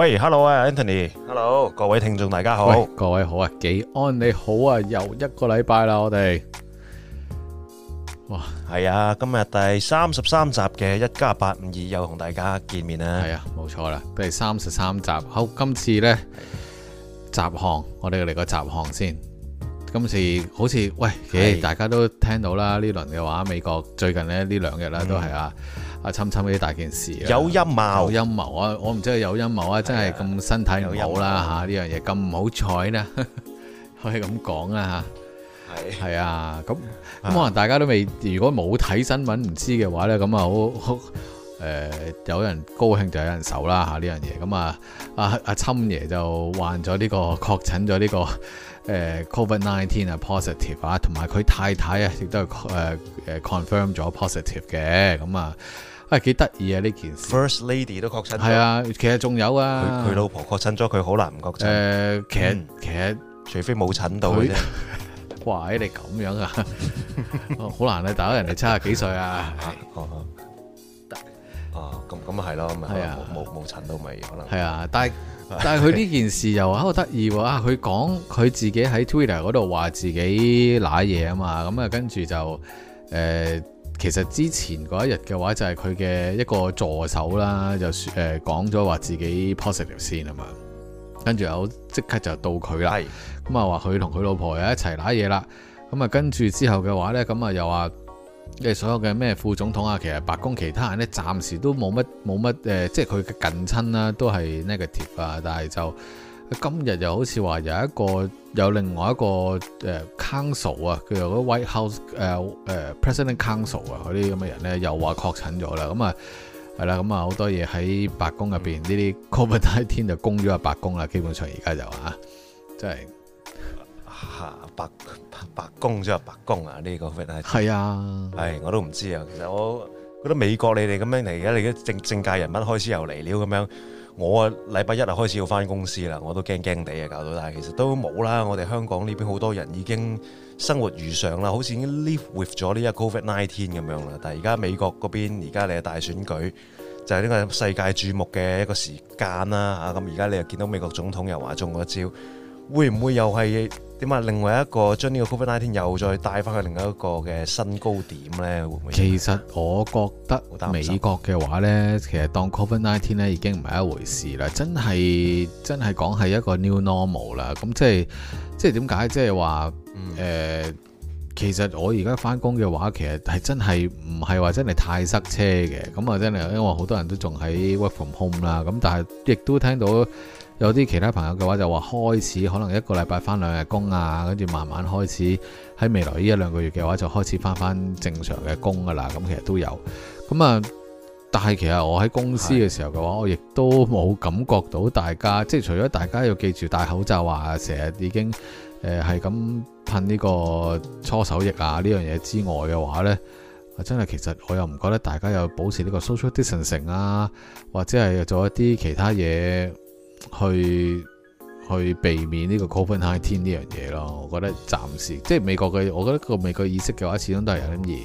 喂，Hello 啊，Anthony，Hello，各位聽眾大家好，各位好啊，幾安你好啊，又一個禮拜啦，我哋，哇，係啊，今日第三十三集嘅一加八五二又同大家見面啊，係啊，冇錯啦，第三十三集，好，今次呢雜項，我哋嚟個雜項先，今次好似喂，大家都聽到啦，呢輪嘅話，美國最近咧呢兩日啦，都係啊。阿侵侵呢啲大件事、啊，有陰謀，有陰謀啊！我唔知係有陰謀啊，的真係咁身睇唔、啊、有啦嚇！啊、這件事這不呢樣嘢咁唔好彩呢，可以咁講啊嚇！係，係啊！咁咁、啊、可能大家都未，如果冇睇新聞唔知嘅話咧，咁啊好好有人高興就有人愁啦嚇！呢樣嘢咁啊，阿阿侵爺就患咗呢、這個確診咗呢個誒、呃、COVID-19 啊 positive 啊，同埋佢太太啊亦都係誒誒 confirm 咗 positive 嘅咁啊。啊係幾得意啊！呢、啊、件事，First Lady 都確診咗，係啊，其實仲有啊，佢老婆確診咗，佢好難唔確診。其實其實除非冇診到啫，哎。哇！你咁樣啊？好 難啊！但係人哋七十幾歲啊？哦哦。哦，咁咁係咯，咪係啊，冇冇診到咪可能。係啊，但係但係佢呢件事又話好得意喎啊！佢講佢自己喺 Twitter 嗰度話自己瀨嘢啊嘛，咁啊跟住就誒。呃其實之前嗰一日嘅話就係佢嘅一個助手啦，就誒講咗話自己 positive 先啊嘛，跟住有即刻就到佢啦，咁啊話佢同佢老婆又一齊揦嘢啦，咁啊跟住之後嘅話呢，咁啊又話即係所有嘅咩副總統啊，其實白宮其他人呢，暫時都冇乜冇乜誒，即係佢嘅近親啦，都係 negative 啊，但係就。今日又好似話有一個有另外一個誒、呃、council 啊，叫做 White House 誒、呃、誒、呃、President Council 啊，嗰啲咁嘅人咧又話確診咗啦，咁啊係啦，咁啊好多嘢喺白宮入邊，呢啲 COVID-19 就攻咗入白宮啦，基本上而家就啊，真係嚇白白，白宮即係白宮啊！呢、這個 COVID 係啊，係我都唔知啊，其實我覺得美國你哋咁樣嚟，而家你啲政政界人物開始又嚟了咁樣。我啊，禮拜一啊開始要返公司啦，我都驚驚地啊搞到，但係其實都冇啦。我哋香港呢邊好多人已經生活如常啦，好似已經 Live with 咗呢一 COVID-19 咁樣啦。但係而家美國嗰邊而家你係大選舉，就係呢個世界注目嘅一個時間啦嚇。咁而家你又見到美國總統又話中咗招。會唔會又係點啊？另外一個將呢個 COVID-19 又再帶翻去另一個嘅新高點呢？會唔會？其實我覺得美國嘅話呢，其實當 COVID-19 呢已經唔係一回事啦。真係真係講係一個 New Normal 啦。咁即係即係點解？即係話誒，其實我而家翻工嘅話，其實係真係唔係話真係太塞車嘅。咁啊，真係因為好多人都仲喺 Work From Home 啦。咁但係亦都聽到。有啲其他朋友嘅話，就話開始可能一個禮拜返兩日工啊，跟住慢慢開始喺未來呢一兩個月嘅話，就開始返返正常嘅工㗎喇。咁其實都有咁啊。但係其實我喺公司嘅時候嘅話，我亦都冇感覺到大家即係除咗大家要記住戴口罩，啊，成日已經誒係咁噴呢個搓手液啊呢樣嘢之外嘅話呢、啊、真係其實我又唔覺得大家有保持呢個 social distancing 啊，或者係做一啲其他嘢。去去避免呢個 COVID-19 呢樣嘢咯，我覺得暫時即係美國嘅，我覺得個美國的意識嘅話始終，始終都係有啲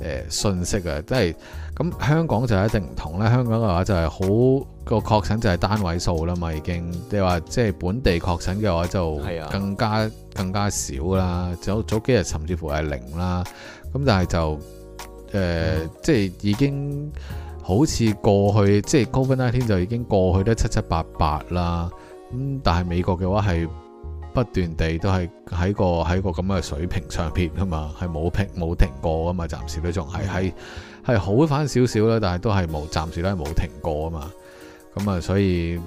而誒信息嘅，即係咁香港就一定唔同咧。香港嘅話就係好、這個確診就係單位數啦嘛，已經你話即係本地確診嘅話就更加、啊、更加少啦，早早幾日甚至乎係零啦，咁但係就誒、呃啊、即係已經。好似過去即係 COVID 天就已經過去得七七八八啦，咁但係美國嘅話係不斷地都係喺個喺個咁嘅水平上邊噶嘛，係冇停冇停過噶嘛，暫時都仲係係係好翻少少啦，但係都係冇暫時都係冇停過啊嘛，咁啊所以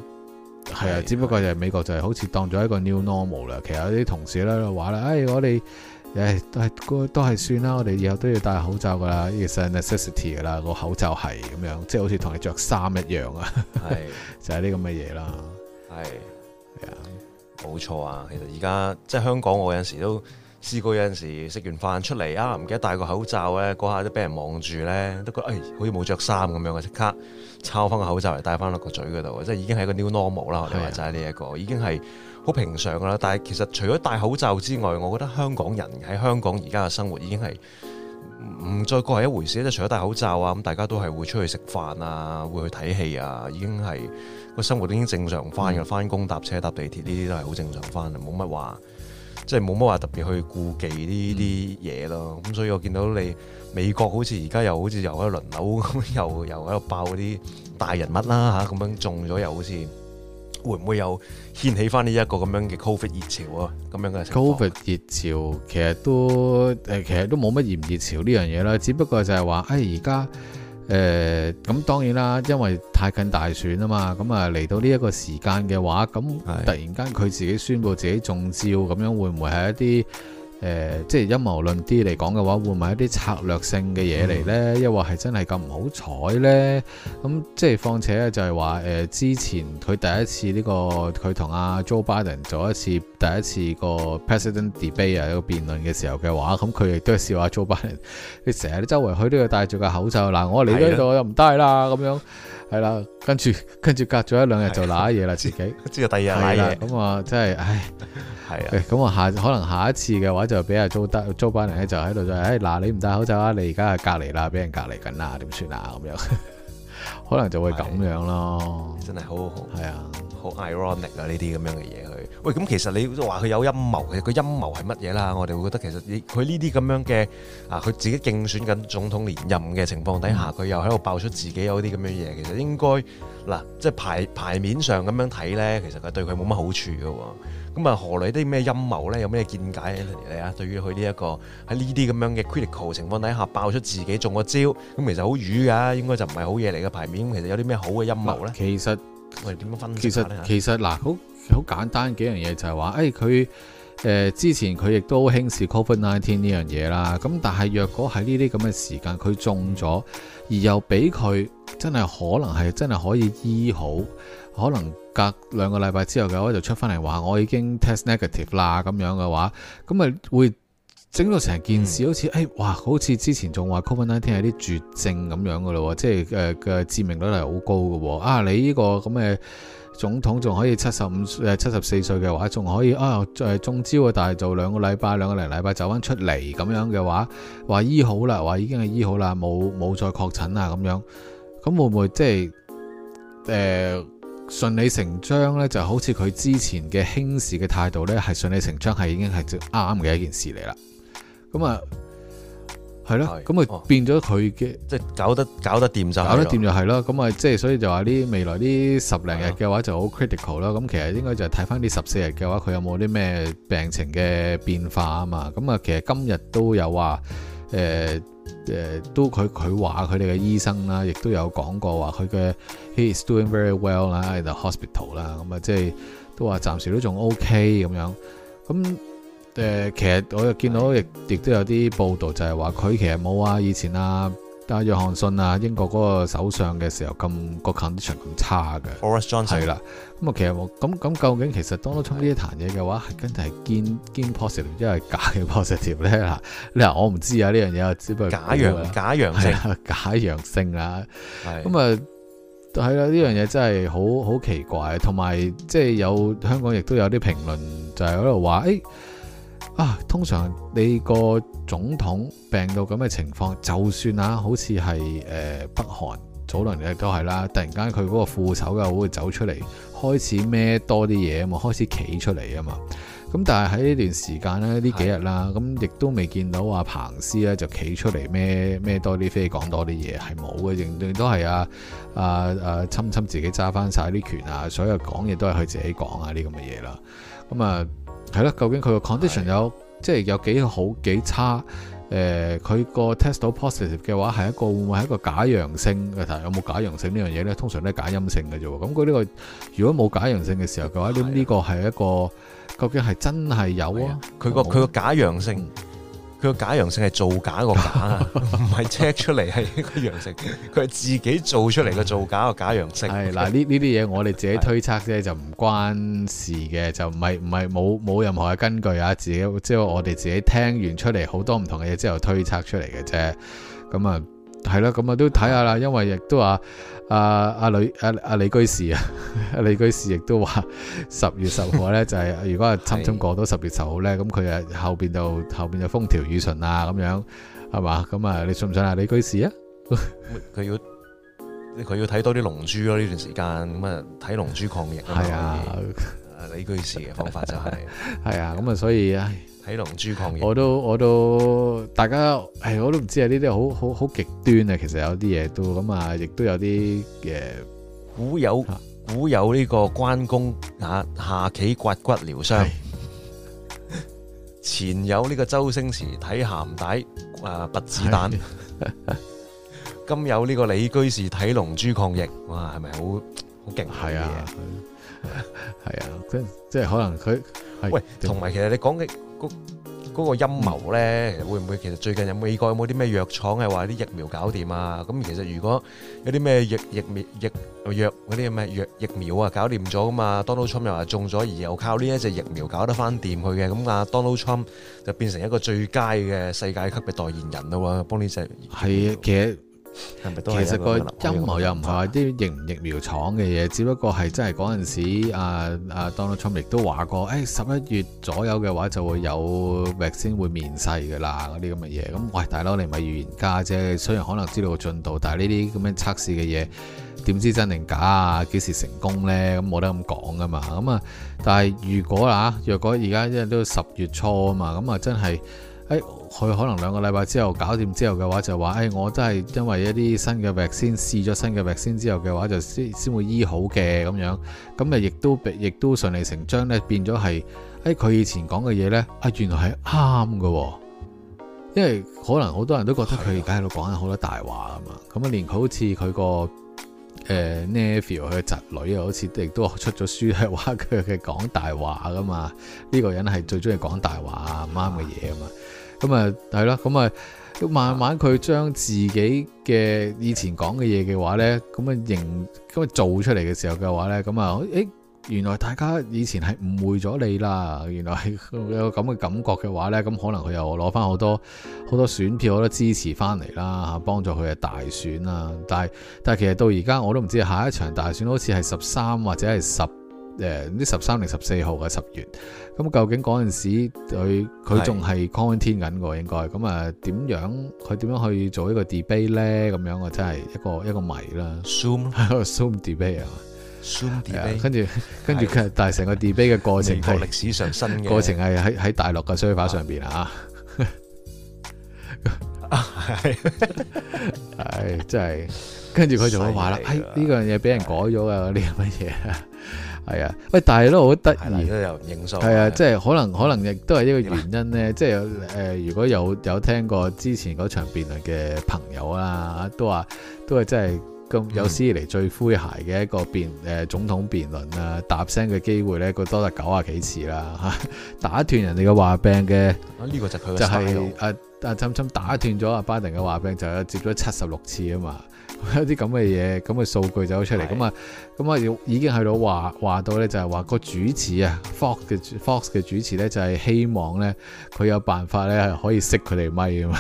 係啊，只不過就係美國就係好似當咗一個 new normal 啦，其實有啲同事咧話咧，唉、哎、我哋。誒、yeah，都係都係算啦，我哋以後都要戴口罩噶啦、 就是 yeah，其實 necessity 噶啦，個口罩係咁樣，即係好似同你着衫一樣啊，係就係啲咁嘅嘢啦，係係啊冇錯啊，其實而家即係香港，我有陣時都試過有陣時食完飯出嚟啊，唔記得戴個口罩咧，嗰下都俾人望住咧，都覺得誒、哎、好似冇着衫咁樣啊，即刻抄翻個口罩嚟戴翻落個嘴嗰度，即係已經係一個 new normal 啦、啊，我哋話齋呢一個已經係。嗯好平常噶啦，但係其實除咗戴口罩之外，我覺得香港人喺香港而家嘅生活已經係唔再過係一回事，即除咗戴口罩啊，咁大家都係會出去食飯啊，會去睇戲啊，已經係個生活都已經正常翻嘅。翻、嗯、工搭車搭地鐵呢啲都係好正常翻，冇乜話即係冇乜話特別去顧忌呢啲嘢咯。咁、嗯、所以我見到你美國好似而家又好似又喺輪流 又又喺度爆嗰啲大人物啦嚇，咁、啊、樣中咗又好似。會唔會有掀起翻呢一個咁樣嘅 Covid 熱潮啊？咁樣嘅 Covid 熱潮其實都誒，其實都冇乜熱唔熱潮呢樣嘢啦。只不過就係話，誒而家誒咁當然啦，因為太近大選啊嘛。咁啊嚟到呢一個時間嘅話，咁突然間佢自己宣布自己中招，咁樣會唔會係一啲？誒、呃，即係陰謀論啲嚟講嘅話，會唔會係一啲策略性嘅嘢嚟呢？又或係真係咁唔好彩呢？咁即係況且就係話，呃、之前佢第一次呢、這個佢同阿 Joe Biden 做一次第一次個 president debate 啊，個辯論嘅時候嘅話，咁佢亦都係笑阿、啊、Joe Biden，佢成日喺周圍去都要戴住個口罩，嗱、啊、我嚟呢度又唔戴啦咁樣。係啦，跟住跟住隔咗一兩日就瀨嘢啦，自己知道第二日瀨嘢，咁啊真係唉，係啊，咁、哎、啊下可能下一次嘅話就俾阿租得租班人咧就喺度就，唉、哎、嗱你唔戴口罩你啊，你而家係隔離啦，俾人隔離緊啦，點算啊咁樣，可能就會咁樣咯，真係好，係啊，好 ironic 啊呢啲咁樣嘅嘢佢。喂，咁其實你話佢有陰謀，其實個陰謀係乜嘢啦？我哋會覺得其實佢呢啲咁樣嘅啊，佢自己競選緊總統連任嘅情況底下，佢又喺度爆出自己有啲咁樣嘢，其實應該嗱，即係牌牌面上咁樣睇咧，其實佢對佢冇乜好處嘅喎。咁啊，何來啲咩陰謀咧？有咩見解啊 Anthony 你啊，對於佢呢一個喺呢啲咁樣嘅 critical 情況底下爆出自己中咗招，咁其實好瘀㗎，應該就唔係好嘢嚟嘅牌面。其實有啲咩好嘅陰謀咧？其實我哋點樣分析其實其實嗱，好。好簡單幾樣嘢就係話，誒、哎、佢、呃、之前佢亦都好輕視 COVID-19 呢樣嘢啦，咁但係若果喺呢啲咁嘅時間佢中咗，而又俾佢真係可能係真係可以醫好，可能隔兩個禮拜之後嘅話就出翻嚟話我已經 test negative 啦，咁樣嘅話，咁咪會到整到成件事、嗯、好似，誒、哎、哇，好似之前仲話 COVID-19 係啲絕症咁樣嘅咯喎，即係誒嘅致命率係好高嘅喎，啊你呢、這個咁嘅。總統仲可以七十五歲、七十四歲嘅話，仲可以啊，誒、呃、中招啊，但係做兩個禮拜、兩個零禮拜走翻出嚟咁樣嘅話，話醫好啦，話已經係醫好啦，冇冇再確診啊咁樣，咁會唔會即係誒順理成章呢？就好似佢之前嘅輕視嘅態度呢，係順理成章，係已經係啱嘅一件事嚟啦。咁啊～係咯，咁啊變咗佢嘅即係搞得搞得掂就搞得掂，就係咯，咁啊即係所以就話呢未來呢十零日嘅話就好 critical 啦，咁其實應該就係睇翻呢十四日嘅話佢有冇啲咩病情嘅變化啊嘛，咁啊其實今日都有話誒誒都佢佢話佢哋嘅醫生啦，亦都有講過話佢嘅 he is doing very well 啦喺度 hospital 啦，咁啊即係都話暫時都仲 ok 咁樣咁。誒，其實我又見到亦亦都有啲報道，就係話佢其實冇啊。以前啊，戴約翰遜啊，英國嗰個首相嘅時候咁個 condition 咁差嘅 Oarish Johnson。Boris Johnson 係啦，咁啊，其實我咁咁究竟其實當中呢一壇嘢嘅話，係真定係堅堅 positive，一係假 positive 咧？嗱、 啊，嗱，我唔知啊，呢樣嘢啊，只不過假陽假陽性假陽性啊，咁啊，係啦，呢樣嘢真係好好奇怪，同埋即係有，有香港亦都有啲評論就係喺度話誒啊，通常你個總統病到咁嘅情況，就算啊，好似係、呃、北韓早輪嘅都係啦，突然間佢嗰個副手又會走出嚟，開始咩多啲嘢啊嘛，開始企出嚟啊嘛。咁但係喺呢段時間咧，呢幾日啦，咁亦都未見到阿彭斯咧就企出嚟咩咩多啲飛講多啲嘢，係冇嘅，仍然都係啊啊，啊，侵侵自己揸翻晒啲權啊，所有講嘢都係佢自己講啊啲咁嘅嘢啦，咁、嗯、啊。係啦，究竟佢個 condition 有即係有幾好幾差？誒、呃，佢個 test positive 嘅話係一個會唔會係一個假陽性嘅？但有冇假陽性呢樣嘢呢？通常都係假陰性嘅啫。咁佢呢個如果冇假陽性嘅時候嘅話，咁呢個係一個究竟係真係有啊？佢、個佢個、哦、假陽性、嗯。佢假陽性係造假，個假 唔係是，個假唔係 check 出嚟係個陽性，佢係自己做出嚟個造假個假陽性。係嗱，呢呢啲嘢我哋自己推測啫， 就唔關事嘅，就唔係唔係冇冇任何嘅根據啊，自己即係、就是、我哋自己聽完出嚟好多唔同嘅嘢之後推測出嚟嘅啫。咁啊，係啦，咁啊都睇下啦，因為亦都話。阿阿李阿阿李居士啊，李居士亦都話十月十號咧，就係如果係侵侵過到十月十號咧，咁佢啊後邊就後邊就風調雨順啊咁樣係嘛？咁啊你信唔信啊李居士啊？佢要佢要睇多啲龍珠咯呢段時間，咁啊睇龍珠抗疫係啊，李居士嘅方法就係係啊，咁啊所以啊。睇龍珠抗疫我，我都我都大家係我都唔知啊！呢啲好好好極端啊，其實有啲嘢都咁啊，亦都有啲誒，古有古有呢個關公下下棋刮骨療傷，前有呢個周星馳睇鹹帶啊拔子彈，今 有呢個李居士睇龍珠抗疫，哇，係咪好好勁係啊？係啊，即即係可能佢。喂，同埋其實你講嘅嗰個陰謀咧，會唔會其實最近有美國有冇啲咩藥廠係話啲疫苗搞掂啊？咁其實如果有啲咩疫疫苗疫藥啲咩藥疫苗啊搞掂咗㗎嘛？Donald Trump 又話中咗，而又靠呢一隻疫苗搞得翻掂佢嘅，咁啊 Donald Trump 就變成一個最佳嘅世界級嘅代言人啦喎，幫呢隻係其實係咪都係其實，個陰謀又唔係話啲疫疫苗廠嘅嘢，只不過係真係嗰陣時阿阿 Donald Trump 亦都話過，誒十一月左右嘅話就會有藥先會面世噶啦，嗰啲咁嘅嘢。咁喂、哎、大佬你咪預言家啫，雖然可能知道個進度，但係呢啲咁樣測試嘅嘢，點知真定假啊？幾時成功呢？咁冇得咁講噶嘛。咁啊，但係如果啊，若果而家因為都十月初啊嘛，咁啊真係誒。哎佢可能兩個禮拜之後搞掂之後嘅話就說，就話：誒，我都係因為一啲新嘅藥先試咗新嘅藥先之後嘅話，就先先會醫好嘅咁樣。咁誒，亦都亦都順理成章咧，變咗係誒佢以前講嘅嘢咧，啊、哎，原來係啱嘅。因為可能好多人都覺得佢而家喺度講緊好多大話啊嘛。咁、呃這個、啊，連佢好似佢個誒 nephew 佢嘅侄女啊，好似亦都出咗書係話佢佢講大話噶嘛。呢個人係最中意講大話啊啱嘅嘢啊嘛。咁啊，係咯，咁啊，慢慢佢將自己嘅以前講嘅嘢嘅話呢，咁啊，形咁做出嚟嘅時候嘅話呢，咁啊，誒，原來大家以前係誤會咗你啦，原來有咁嘅感覺嘅話呢，咁可能佢又攞翻好多好多選票，好多支持翻嚟啦，嚇，幫助佢嘅大選啦。但係，但係，其實到而家我都唔知下一場大選好似係十三或者係十。誒，呢十三定十四號嘅十月，咁究竟嗰陣時佢佢仲係 continue 緊喎，應該咁啊？點樣佢點樣去做一個 debate 咧？咁樣我真係一個一個謎啦。Zoom 一 個 Zoom debate 啊 Zoom debate。跟住跟住，但係成個 debate 嘅過程係，過歷史上新過程係喺喺大陸嘅沙發上面。啊！係、 哎、真係，跟住佢就要話啦，呢、哎呢個嘢俾人改咗噶，呢個乜嘢係啊，喂，但係都好得意，都又認數，係啊，即係可能可能亦都係一個原因咧，即係誒、呃，如果有有聽過之前嗰場辯論嘅朋友啊，都話都係真係咁有史以嚟最詼諧嘅一個辯誒、呃、總統辯論啊，搭聲嘅機會咧，佢多達九啊幾次啦吓、啊，打斷人哋嘅話柄嘅，呢、啊這個就佢就係誒誒，差、侵侵、打斷咗阿拜登嘅話柄，就有接咗七十六次啊嘛。一啲咁嘅嘢，咁嘅數據就出嚟，咁啊，咁啊，已已經去到話話到咧，就係話個主持啊，Fox 嘅 Fox 嘅主持咧，就係希望咧，佢有辦法咧，可以熄佢哋咪啊嘛，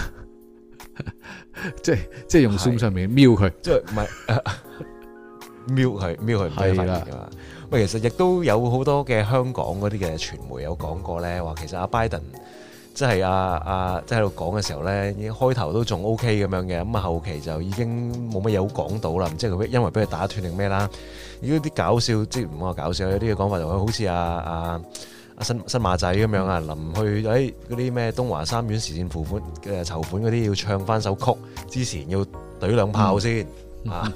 即係即係用 Zoom 上面瞄佢，即係唔係瞄佢瞄佢唔咩嘛？喂，其實亦都有好多嘅香港嗰啲嘅傳媒有講過咧，話其實阿 Biden。即係啊，阿即喺度講嘅時候咧，開頭都仲 OK 咁樣嘅，咁啊後期就已經冇乜嘢好講到啦，唔知佢因為俾佢打斷定咩啦？如果啲搞笑即係唔好話搞笑，有啲嘅講法就好似啊，啊，阿、啊啊啊啊 啊啊、新新馬仔咁樣啊，臨去誒嗰啲咩東華三院慈善款誒、呃、籌款嗰啲，要唱翻首曲之前要懟兩炮先啊，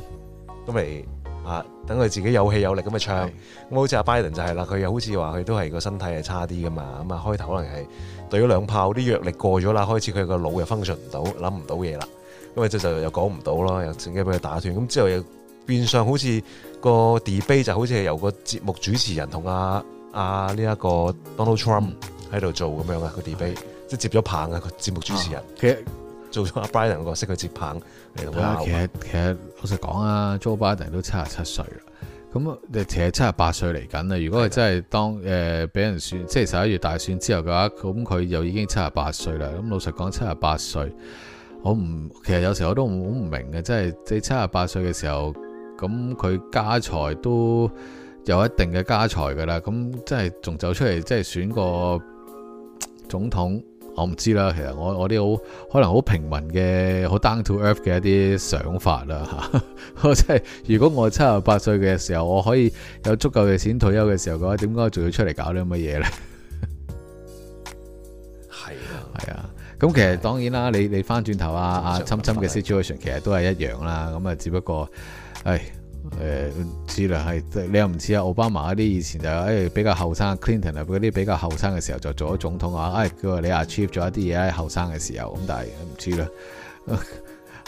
都嚟啊！啊等佢自己有氣有力咁啊唱，咁好似阿拜登就係啦，佢又好似話佢都係個身體係差啲噶嘛，咁啊開頭可能係對咗兩炮啲藥力過咗啦，開始佢個腦又 function 唔到，諗唔到嘢啦，咁啊就又講唔到啦，又成日俾佢打斷，咁之後又變相好似個 debate 就好似係由個節目主持人同阿阿呢一個 Donald Trump 喺度做咁樣啊個 debate，即係接咗棒啊個節目主持人，啊、做咗阿 b 拜登、那個角色去接棒。老實講啊，Joe Biden 都七十七歲啦，咁你其實七十八歲嚟緊啦。如果係真係當誒俾、呃、人選，即係十一月大選之後嘅話，咁佢又已經七十八歲啦。咁老實講，七十八歲，我唔，其實有時候我都好唔明嘅，即係即係七十八歲嘅時候，咁佢家財都有一定嘅家財噶啦，咁即係仲走出嚟，即、就、係、是、選個總統。我唔知啦，其實我我啲好可能好平民嘅好 down to earth 嘅一啲想法啦嚇，即係如果我七十八歲嘅時候我可以有足夠嘅錢退休嘅時候嘅話，點解仲要出嚟搞啲咁嘅嘢呢？係啊，係啊，咁其實當然啦、啊，你你翻轉頭啊，阿侵侵嘅 situation 其實都係一樣啦，咁啊只不過係。哎誒，只能係你又唔知啊？奧巴馬嗰啲以前就誒、是哎、比較後生，Clinton 啊嗰啲比較後生嘅時候就做咗總統啊，誒佢話你 achieve 咗一啲嘢喺後生嘅時候，咁但係唔知啦，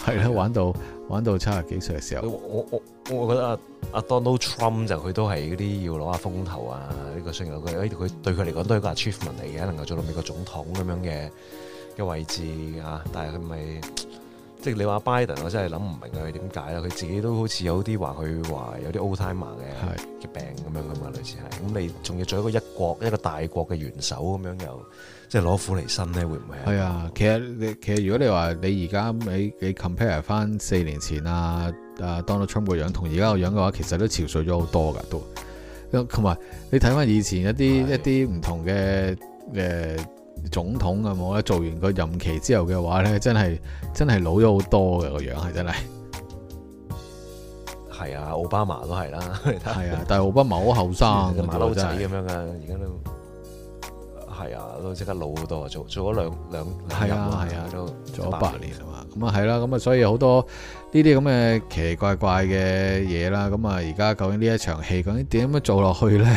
係啦，玩到玩到七十幾歲嘅時候，我我我覺得阿、啊、阿、啊、Donald Trump 就佢、是、都係嗰啲要攞下風頭啊，呢、這個雖然佢誒佢對佢嚟講都係個 achievement 嚟嘅，能夠做到美國總統咁樣嘅嘅位置啊，但係佢咪？即係你話拜登，我真係諗唔明佢點解啦？佢自己都好似有啲話佢話有啲 old timer 嘅嘅病咁樣噶嘛，類似係咁。你仲要做一個一國一個大國嘅元首咁樣又，又即係攞苦嚟辛咧，會唔會係？係啊，其實你其實如果你話你而家你你 compare 翻四年前啊，啊 Donald Trump 個樣同而家個樣嘅話，其實都憔悴咗好多噶，都。同埋你睇翻以前一啲一啲唔同嘅嘅。嗯呃總統啊，冇啦！做完個任期之後嘅話咧，真係真係老咗好多嘅，個樣係真係，係真係。係啊，奧巴馬都係啦，係啊，但係奧巴馬好後生，馬、嗯、騮仔咁樣嘅，而家都係啊，都即刻老好多，做做咗兩兩係啊係啊，都、啊啊、做咗八年，就係、年啊嘛，咁啊係啦，咁啊所以好多呢啲咁嘅奇奇怪怪嘅嘢啦，咁啊而家究竟呢一場戲，究竟點樣做落去咧？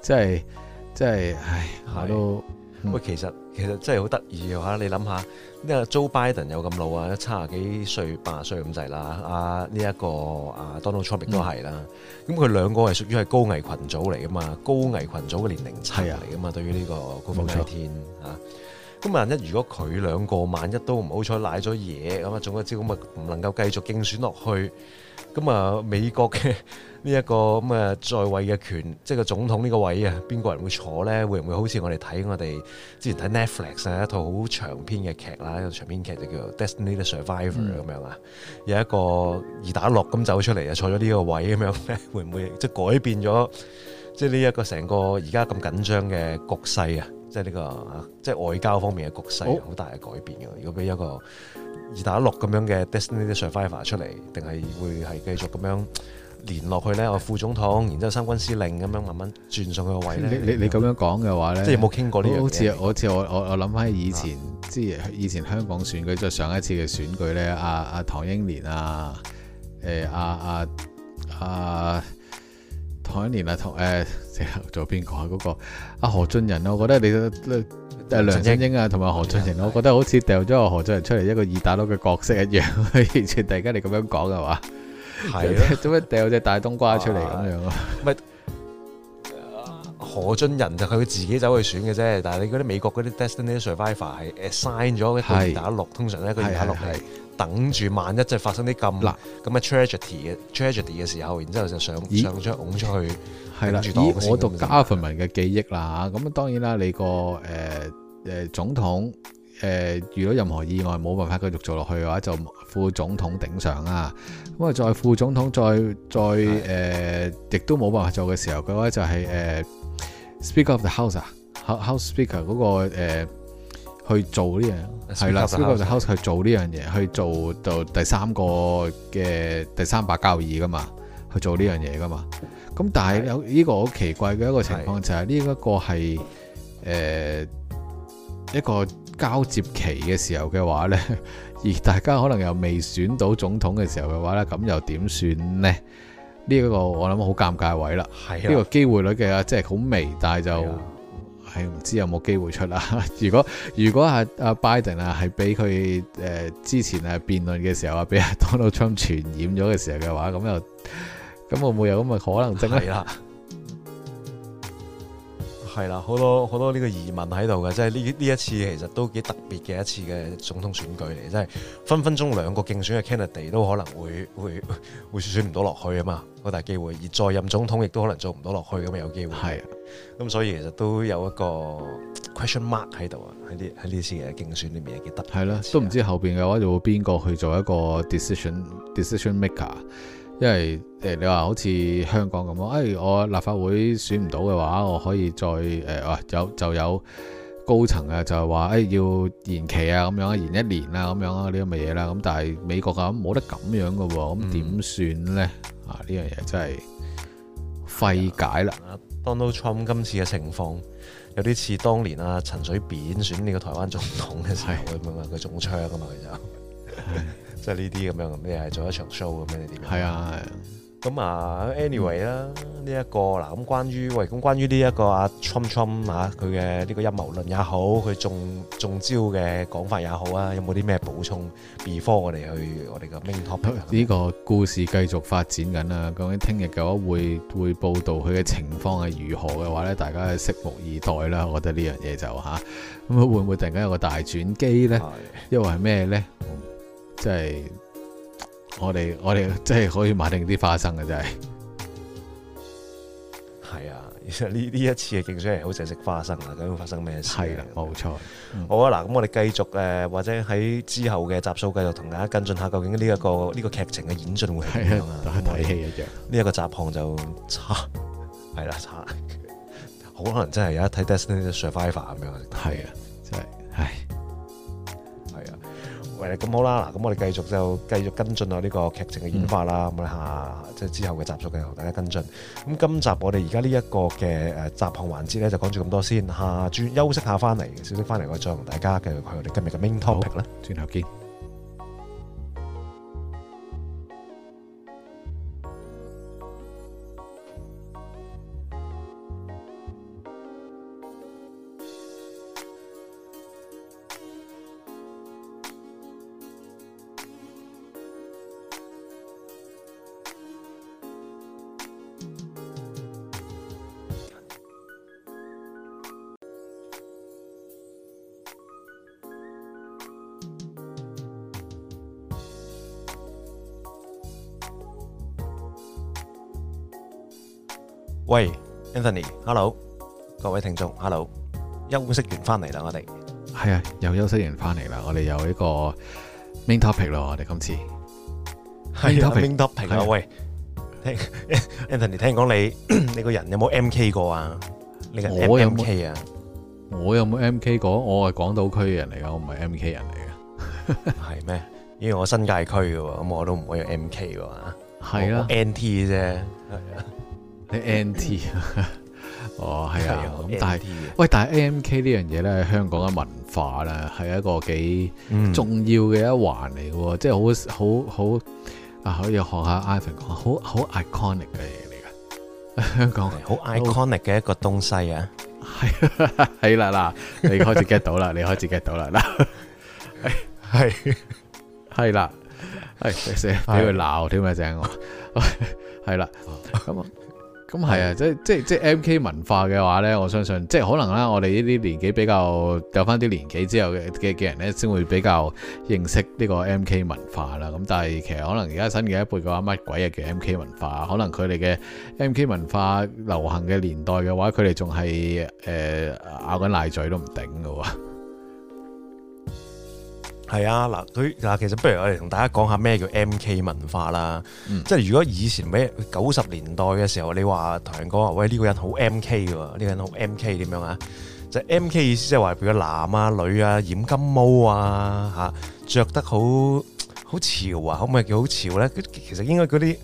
即係即係，唉，都。喂、嗯，其實其實真係好得意嘅嚇，你諗下呢個 Joe Biden 又咁老啊，七十幾歲八十歲咁滯啦，阿呢一個阿 Donald Trump 都係啦，咁佢兩個係屬於係高危群組嚟噶嘛，高危群組嘅年齡差嚟噶嘛，對於呢個高 u l f 吓咁萬一如果佢兩個萬一都唔好彩賴咗嘢咁啊，中咗招咁啊，唔能夠繼續競選落去，咁啊美國嘅。呢、這、一個咁啊，在位嘅權，即係個總統呢個位啊，邊個人會坐咧？會唔會好似我哋睇我哋之前睇 Netflix 啊一套好長篇嘅劇啦，一個長篇劇就叫做、嗯《Designated Survivor》咁樣啊，有一個二打六咁走出嚟啊，坐咗呢個位咁樣，會唔會即係改變咗即係呢一個成個而家咁緊張嘅局勢啊？即係呢個,個即係、這個、外交方面嘅局勢好、哦、大嘅改變嘅。如果俾一個二打六咁樣嘅《Designated Survivor》出嚟，定係會係繼續咁樣？連落去咧，我副總統，然之後三軍司令咁樣慢慢轉上佢個位咧。你你咁樣講嘅話咧，即係有冇傾過呢好似我好似我我我諗翻以前，即、啊、係以前香港選舉，就上一次嘅選舉咧，阿、嗯、阿、啊啊、唐英年啊，誒阿阿阿唐英年啊，唐誒仲有邊個啊？嗰、那個阿何俊仁啊，我覺得你梁振英啊，同埋何俊仁，我覺得，我覺得好似掉咗個何俊仁出嚟一個二打六嘅角色一樣。完全突然間你咁樣講嘅話？係咯，做乜掟隻大冬瓜出嚟咁樣啊？唔、啊、何俊仁就佢自己走去選嘅啫，但係你啲美國嗰啲 Destination Survivor 係 assign 咗一個二打六，通常咧佢個二打六係等住萬一即係發生啲咁咁嘅 tragedy 嘅 tragedy 嘅時候，然之後就上上拱出去係啦。我讀 government 嘅記憶啦咁、啊、當然啦，你、那個誒誒、呃、總統。誒、呃，遇到任何意外冇辦法繼續做落去嘅話，就副總統頂上啊。咁啊，再副總統再再誒，亦、呃、都冇辦法做嘅時候話，佢咧就係、是、誒、呃、Speaker of the House 啊，House Speaker 嗰、那個誒、呃，去做呢樣係啦，Speaker of the House 去做呢樣嘢，去做到第三個嘅第三把交椅噶嘛，去做呢樣嘢噶嘛。咁、嗯、但係有呢個好奇怪嘅一個情況就係、是、呢、這個呃、一個係誒一個。交接期嘅時候嘅話咧，而大家可能又未選到總統嘅時候嘅話咧，咁又點算呢？呢、呢、一個我諗好尷尬位啦，呢、呢個機會率嘅即係好微，但係就係唔知有冇機會出啦。如果如果係、啊、阿拜登啊，係俾佢誒之前誒辯論嘅時候啊，俾阿 Donald Trump 傳染咗嘅時候嘅話，咁又咁會唔會有咁嘅可能性啊？係啦，好多好多呢個疑問喺度嘅，即係呢呢一次其實都幾特別嘅一次嘅總統選舉嚟，即係分分鐘兩個競選嘅 candidate 都可能會會會選唔到落去啊嘛，好大機會。而在任總統亦都可能做唔到落去咁有機會。係啊，咁所以其實都有一個 question mark 喺度啊，喺呢喺呢次嘅競選裏面係幾特別。係咯，都唔知後邊嘅話就會邊個去做一個 decision decision maker。因為誒，你話好似香港咁，誒、哎、我立法會選唔到嘅話，我可以再誒，哇、呃、有就有高層啊，就係話誒要延期啊，咁樣啊，延一年啊，咁樣啊，呢啲咁嘅嘢啦。咁但係美國啊，冇得咁樣嘅喎，咁點算咧？啊，呢樣嘢真係費解啦。Donald、嗯、Trump 今次嘅情況有啲似當年啊陳水扁選呢個台灣總統嘅時候咁啊，佢中槍啊嘛，佢就。 即係呢啲咁樣咁，你係做一場 show 咁樣，係啊係啊。咁啊，anyway 啦、嗯這個，呢一個嗱咁關於喂，咁關於呢、這、一個阿 Trump Trump 啊，佢嘅呢個陰謀論也好，佢中中招嘅講法也好啊，有冇啲咩補充？before 我哋去我哋個 main talk。呢、這個故事繼續發展緊啊！究竟聽日嘅話會會會報道佢嘅情況係如何嘅話咧，大家拭目以待啦。我覺得呢樣嘢就吓，咁、啊、會唔會突然間有個大轉機咧？因為咩咧？嗯即係我哋，我哋真係可以買定啲花生嘅，真係。係啊，呢呢一次嘅競選好似食花生啊，究竟發生咩事？係啦，冇錯、嗯。好啊，嗱，咁我哋繼續誒，或者喺之後嘅集數繼續同大家跟進下，究竟呢一個呢個劇情嘅演進會係點啊？睇戲一樣，呢一個集行就差，係啦，差。好可能真係有一睇 Designated Survivor 咁樣，係啊，真係，唉。喂，咁好啦，嗱，咁我哋繼續就繼續跟進啊呢個劇情嘅演化啦。咁、嗯、我哋下即係之後嘅集數繼續同大家跟進。咁今集我哋而家呢一個嘅誒集項環節咧，就講住咁多先。下轉休息下翻嚟，休息翻嚟我再同大家繼續去我哋今日嘅 main topic 咧。轉頭見。喂，Anthony，hello，各位聽眾，hello，休息完翻嚟啦，我哋係啊，又休息完翻嚟啦，我哋有呢個 main topic 咯，我哋今次係啊，main topic 啊，喂，聽，Anthony，聽講你你個人有冇 M K 過啊？你個人有冇 M K 啊？我有冇？我有冇 M K 過？我係港島區人嚟噶，我唔係 M K 人嚟噶。係咩？因為我新界區噶，咁我都唔可以 M K 噶嘛。係啊，N T 啫。係啊。你 NT 咳咳哦，係啊。咁、嗯嗯、但係，喂，但係 AMK 呢樣嘢咧，香港嘅文化咧，係一個幾重要嘅一環嚟嘅，即係好好好啊，可以學下 Ivan 講，好好 iconic 嘅嘢嚟嘅。香港好 iconic 嘅一個東西啊，係係啦啦，你開始 get 到啦， 你開始 get 到啦嗱，係係啦，係成日俾佢鬧添啊，正、啊、我，係啦咁啊。咁係啊，即係即係即係 MK 文化嘅話呢，我相信即係可能啦，我哋呢啲年紀比較有翻啲年紀之後嘅嘅人呢，先會比較認識呢個 MK 文化啦。咁但係其實可能而家新嘅一輩嘅話，乜鬼嘢叫 MK 文化？可能佢哋嘅 MK 文化流行嘅年代嘅話，佢哋仲係誒咬緊奶嘴都唔頂㗎喎。係啊，嗱佢嗱其實不如我哋同大家講下咩叫 MK 文化啦。嗯、即係如果以前咩九十年代嘅時候，你話同人講話，喂呢、呢個人好 MK 㗎喎，呢個人好 MK 點樣啊？就係、MK 意思即係話比個男啊、女啊、染金毛啊、着、啊、得好好潮啊，可唔可以叫好潮咧？其實應該嗰啲誒，佢、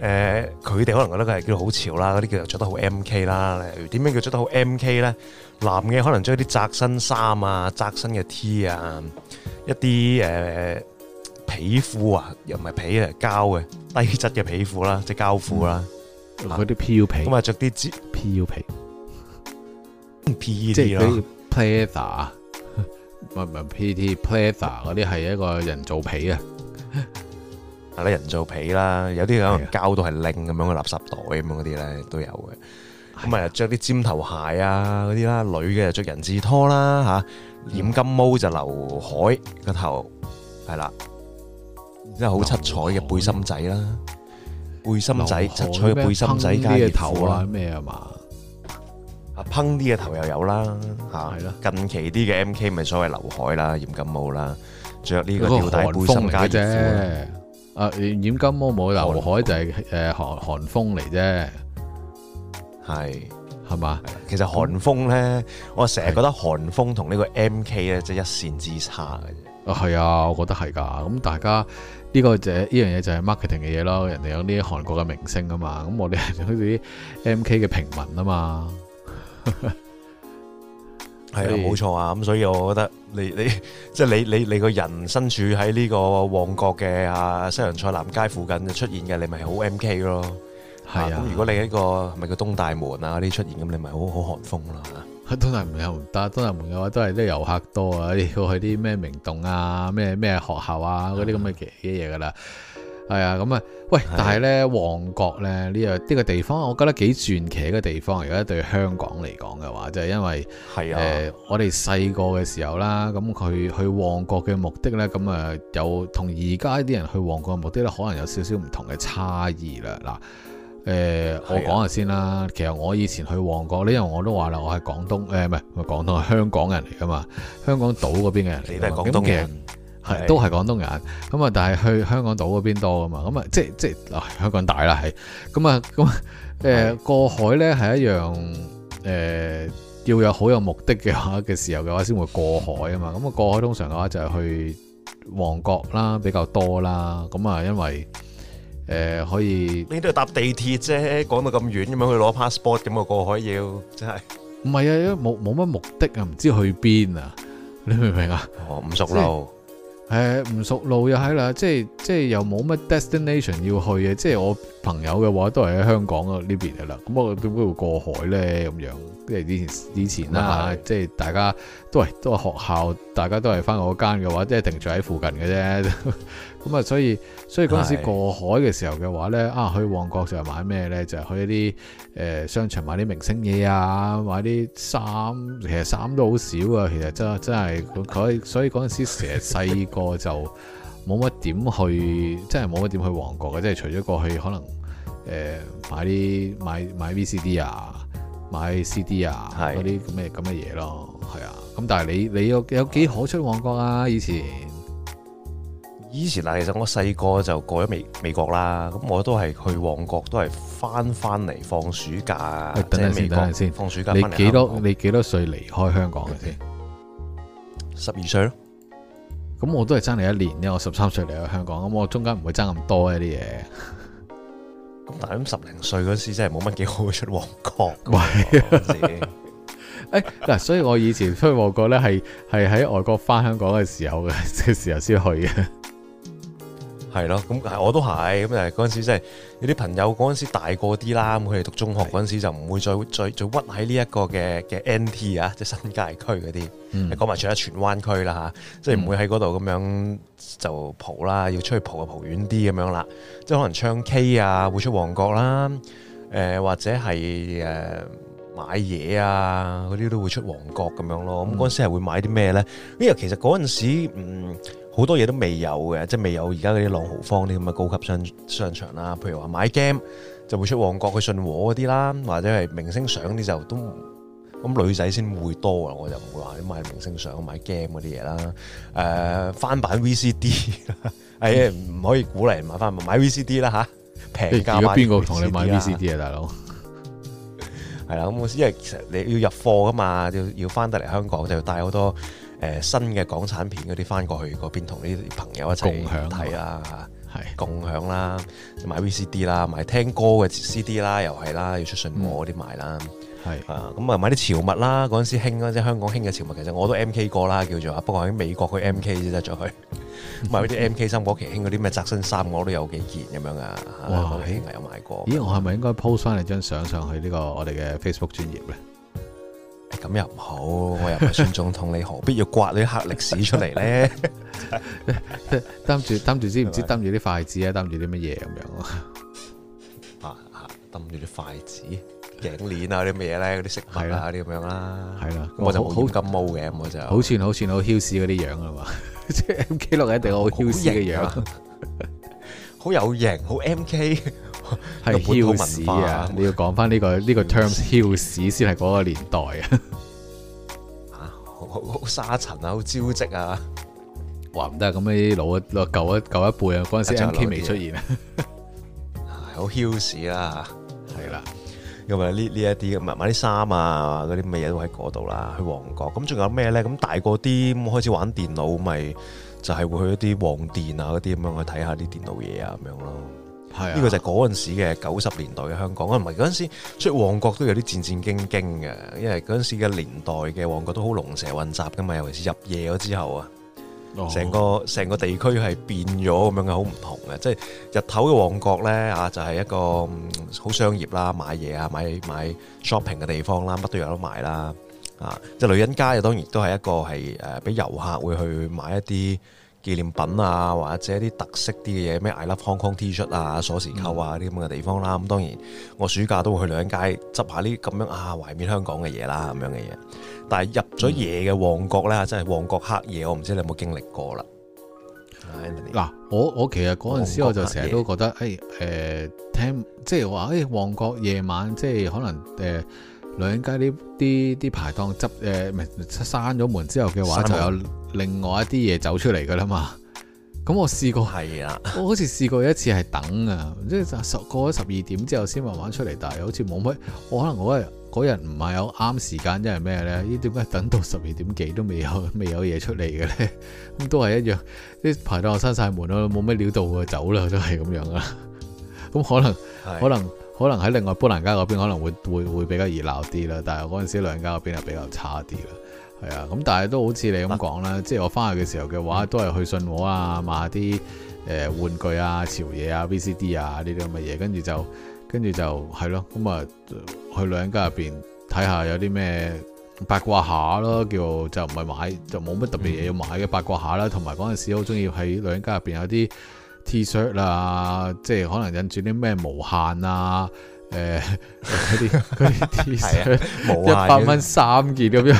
呃、哋可能覺得佢係叫好潮啦，嗰啲叫做著得好 MK 啦。點樣叫著得好 MK 咧？男嘅可能着啲窄身衫啊，窄身嘅 T 啊，一啲誒皮褲啊，又唔係皮啊，膠嘅低質嘅皮褲啦，即係膠褲啦，嗰啲 PU 皮，咁啊着啲 P，PU 皮，PT 咯，Plaza 唔係唔係 PT，Plaza 嗰啲係一個人造皮啊，嗱啲人造皮啦，有啲可能膠到係拎咁樣嘅垃圾袋咁樣嗰啲咧都有嘅。咁啊，着啲尖頭鞋啊，嗰啲啦，女嘅就着人字拖啦，吓、嗯、染金毛就劉海個頭係啦，即係好七彩嘅背心仔啦，背心仔七彩嘅背心仔，背心仔加熱頭啦，咩啊嘛？啊，烹啲嘅頭又有啦，吓，近期啲嘅 MK 咪所謂劉海啦，染金毛啦，着呢個吊帶背心、那個、加熱褲。啊，染金毛冇劉海就係誒韓韓風嚟啫。係，係嘛？其實韓風咧、嗯，我成日覺得韓風同呢個 M K 咧，即係一線之差嘅。啊，係啊，我覺得係噶。咁大家呢、這個這個就呢樣嘢就係 marketing 嘅嘢咯。人哋有啲韓國嘅明星啊嘛，咁我哋係好似啲 M K 嘅平民啊嘛。係啊，冇錯啊。咁所以我覺得你你即係、就是、你你你個人身處喺呢個旺角嘅啊西洋菜南街附近就出現嘅，你咪好 M K 咯。係啊,啊,啊，如果你呢個係咪個東大門啊嗰啲、啊、出現咁，你咪好好寒風啦。東大門又唔得，但東大門嘅話都係啲遊客多啊，要去啲咩明洞啊、咩咩學校啊嗰啲咁嘅嘅嘢噶啦。係、嗯嗯、啊，咁啊，喂，但係咧、啊、旺角咧呢、這個呢、這個地方，我覺得幾傳奇嘅地方。如果對香港嚟講嘅話，就係、是、因為誒、啊呃，我哋細個嘅時候啦，咁佢去,去旺角嘅目的咧，咁啊有同而家啲人去旺角嘅目的咧，可能有少少唔同嘅差異啦。嗱。誒、呃，啊、我講下先啦。其實我以前去旺角呢，因為我都話啦，我係廣東誒，唔、呃、係廣東係香港人嚟噶嘛。香港島嗰邊嘅人，你係廣東嘅人，係都係廣東人。咁啊都係廣東人，但係去香港島嗰邊多啊嘛。咁、嗯、啊，即係即係、哎、香港大啦，係。咁、嗯嗯呃、啊，咁誒過海咧係一樣誒、呃、要有好有目的嘅話嘅時候嘅話先會過海啊嘛。咁、嗯、啊、嗯、過海通常嘅話就係去旺角啦比較多啦。咁、嗯、啊因為。誒、呃、可以，你都要搭地鐵啫，講到咁遠咁樣去攞 passport 咁啊過海要，真係唔係啊？因為冇冇乜目的啊，唔知去邊啊？你明唔明啊？哦，唔熟路，誒、呃、唔熟路又係啦，即係即係又冇乜 destination 要去嘅，即係我朋友嘅話都係喺香港啊呢邊噶啦，咁我點解會過海咧？咁樣即係以前以前啦，即係大家都係都係學校，大家都係翻嗰間嘅話，即係停住喺附近嘅啫。呵呵咁啊，所以所以嗰陣時過海嘅時候嘅話咧，啊去旺角就係買咩咧？就係、是、去一啲誒、呃、商場買啲明星嘢啊，買啲衫，其實衫都好少啊。其實真係真係佢所以嗰陣時成日細個就冇乜點去，真係冇乜點去旺角嘅，即係除咗過去可能誒、呃、買啲買買 VCD 啊，買 CD 啊嗰啲咁嘅咁嘅嘢咯，係啊。咁但係你你有有幾可出旺角啊？以前？以前嗱，其實我細個就過咗美美國啦，咁我都係去旺角，都係翻翻嚟放暑假，等陣先，即係美國等等放暑假。你幾多？你幾多歲離開香港嘅先？十二歲咯。咁我都係爭你一年，因為我十三歲離開香港，咁我中間唔會爭咁多嘅啲嘢。咁 但係咁十零歲嗰時真係冇乜幾好出旺角。喂 好像，誒 嗱、哎，所以我以前出旺角咧，係係喺外國翻香港嘅時候嘅時候先去嘅。係咯，咁我都係，咁誒嗰陣時即係有啲朋友嗰陣時大個啲啦，咁佢哋讀中學嗰陣時就唔會再再再屈喺呢一個嘅嘅 NT 啊、嗯嗯，即係新界區嗰啲，講埋除咗荃灣區啦吓，即係唔會喺嗰度咁樣就蒲啦，要出去蒲就蒲遠啲咁樣啦，即係可能唱 K、呃呃、啊，會出旺角啦，誒或者係誒買嘢啊嗰啲都會出旺角咁樣咯。咁嗰陣時係會買啲咩咧？呢個其實嗰陣時、嗯好多嘢都未有嘅，即係未有而家嗰啲朗豪坊啲咁嘅高級商商場啦。譬如話買 game 就會出旺角，去信和嗰啲啦，或者係明星相啲就都咁女仔先會多啊。我就唔會話你買明星相、買 game 嗰啲嘢啦。誒、呃、翻版 VCD 係、嗯、唔、 哎、可以鼓勵人買翻買 VCD 啦吓，平價。邊個同你買 VCD 啊，大佬？係啦，咁我因為你要入貨噶嘛，要要翻得嚟香港就要帶好多。誒新嘅港產片嗰啲翻過去嗰邊，同啲朋友一齊睇啦，係共享啦，買 VCD 啦，買聽歌嘅 CD 啦，又係啦，要出信號嗰啲賣啦，係啊，咁啊買啲潮物啦，嗰陣時興即係香港興嘅潮物，其實我都 MK 過啦，叫做啊，不過喺美國佢 MK 先得咗佢，買嗰啲 MK 衫，嗰期興嗰啲咩窄身衫，我都有幾件咁樣噶，哇，我以前有買過。咦，我係咪應該 post 翻你張相上去呢個我哋嘅 Facebook 專頁咧？咁又唔好，我又唔係孫總統，你何必要刮你啲黑歷史出嚟咧？擔住擔住知唔知擔住啲筷子，是是筷子， 筷子啊，擔住啲乜嘢咁樣啊？啊，擔住啲筷子、頸鏈啊啲乜嘢咧？嗰啲飾品啊啲咁樣啦，係啦，我就好感冒嘅，我就好串好串好囂嗰啲樣啊嘛，即 係 MK 六一定好囂嘅樣，好、啊、 有型，好 MK。係 hill 史啊！ 你要講翻呢個呢 這個 terms hill 史先係嗰個年代 啊！吓，好沙塵啊，好招積啊！哇，唔得啊！咁啲老老舊一舊一輩啊，嗰陣時 MK 未出現啊，好 hill 史啊，係啦。因為呢呢一啲咁啊買啲衫啊，嗰啲乜嘢都喺嗰度啦。去旺角咁，仲有咩咧？咁大個啲咁開始玩電腦，咪就係、是、會去一啲旺電啊嗰啲咁樣去睇下啲電腦嘢啊咁樣咯。呢、啊這個就係嗰陣時嘅九十年代嘅香港，唔係嗰陣時出旺角都有啲戰戰兢兢嘅，因為嗰陣時嘅年代嘅旺角都好龍蛇混雜㗎嘛，尤其是入夜咗之後啊，成、哦、個成個地區係變咗咁樣嘅，好唔同嘅，即係日頭嘅旺角咧啊，就係、是、一個好商業啦，買嘢啊，買買,買 shopping 嘅地方啦，乜都有得賣啦，啊，即係女人街又當然都係一個係誒，俾、呃、遊客會去買一啲。紀念品啊，或者一啲特色啲嘅嘢，咩 I Love Hong Kong T 恤啊、鎖匙扣啊啲咁嘅地方啦、啊。咁當然，我暑假都會去兩街執下呢啲咁樣啊懷緬香港嘅嘢啦，咁樣嘅嘢。但係入咗夜嘅旺角咧、嗯，真係旺角黑夜，我唔知你有冇經歷過啦。嗱、嗯，我我其實嗰陣時我就成日都覺得，誒誒、哎呃、聽即係話，誒、哎、旺角夜晚即係可能誒。呃女人街啲啲啲排檔執誒，唔係閂咗門之後嘅話，就有另外一啲嘢走出嚟噶啦嘛。咁我試過下，我好似試過一次係等啊，即係就過咗十二點之後先慢慢出嚟，但係好似冇乜。我可能嗰日嗰日唔係有啱時間，因為咩咧？咦，點解等到十二點幾都未有未有嘢出嚟嘅咧？咁都係一樣，啲排檔閂晒門咯，冇乜料到啊，走啦都係咁樣啊。咁可能可能。可能喺另外砵蘭街嗰邊可能會會會比較熱鬧啲啦，但係嗰陣時女人街嗰邊又比較差啲啦，係啊，咁但係都好似你咁講咧，即係我翻去嘅時候嘅話，都係去信和啊買啲誒、呃、玩具啊潮嘢啊 VCD 啊呢啲咁嘅嘢，跟住就跟住就係咯，咁啊去女人街入邊睇下有啲咩八卦下咯，叫就唔係買就冇乜特別嘢要買嘅八卦下啦，同埋嗰陣時好中意喺女人街入邊有啲。T 恤啦，即係可能印住啲咩無限啊，誒嗰啲嗰啲 T 恤，一百蚊三件咁樣，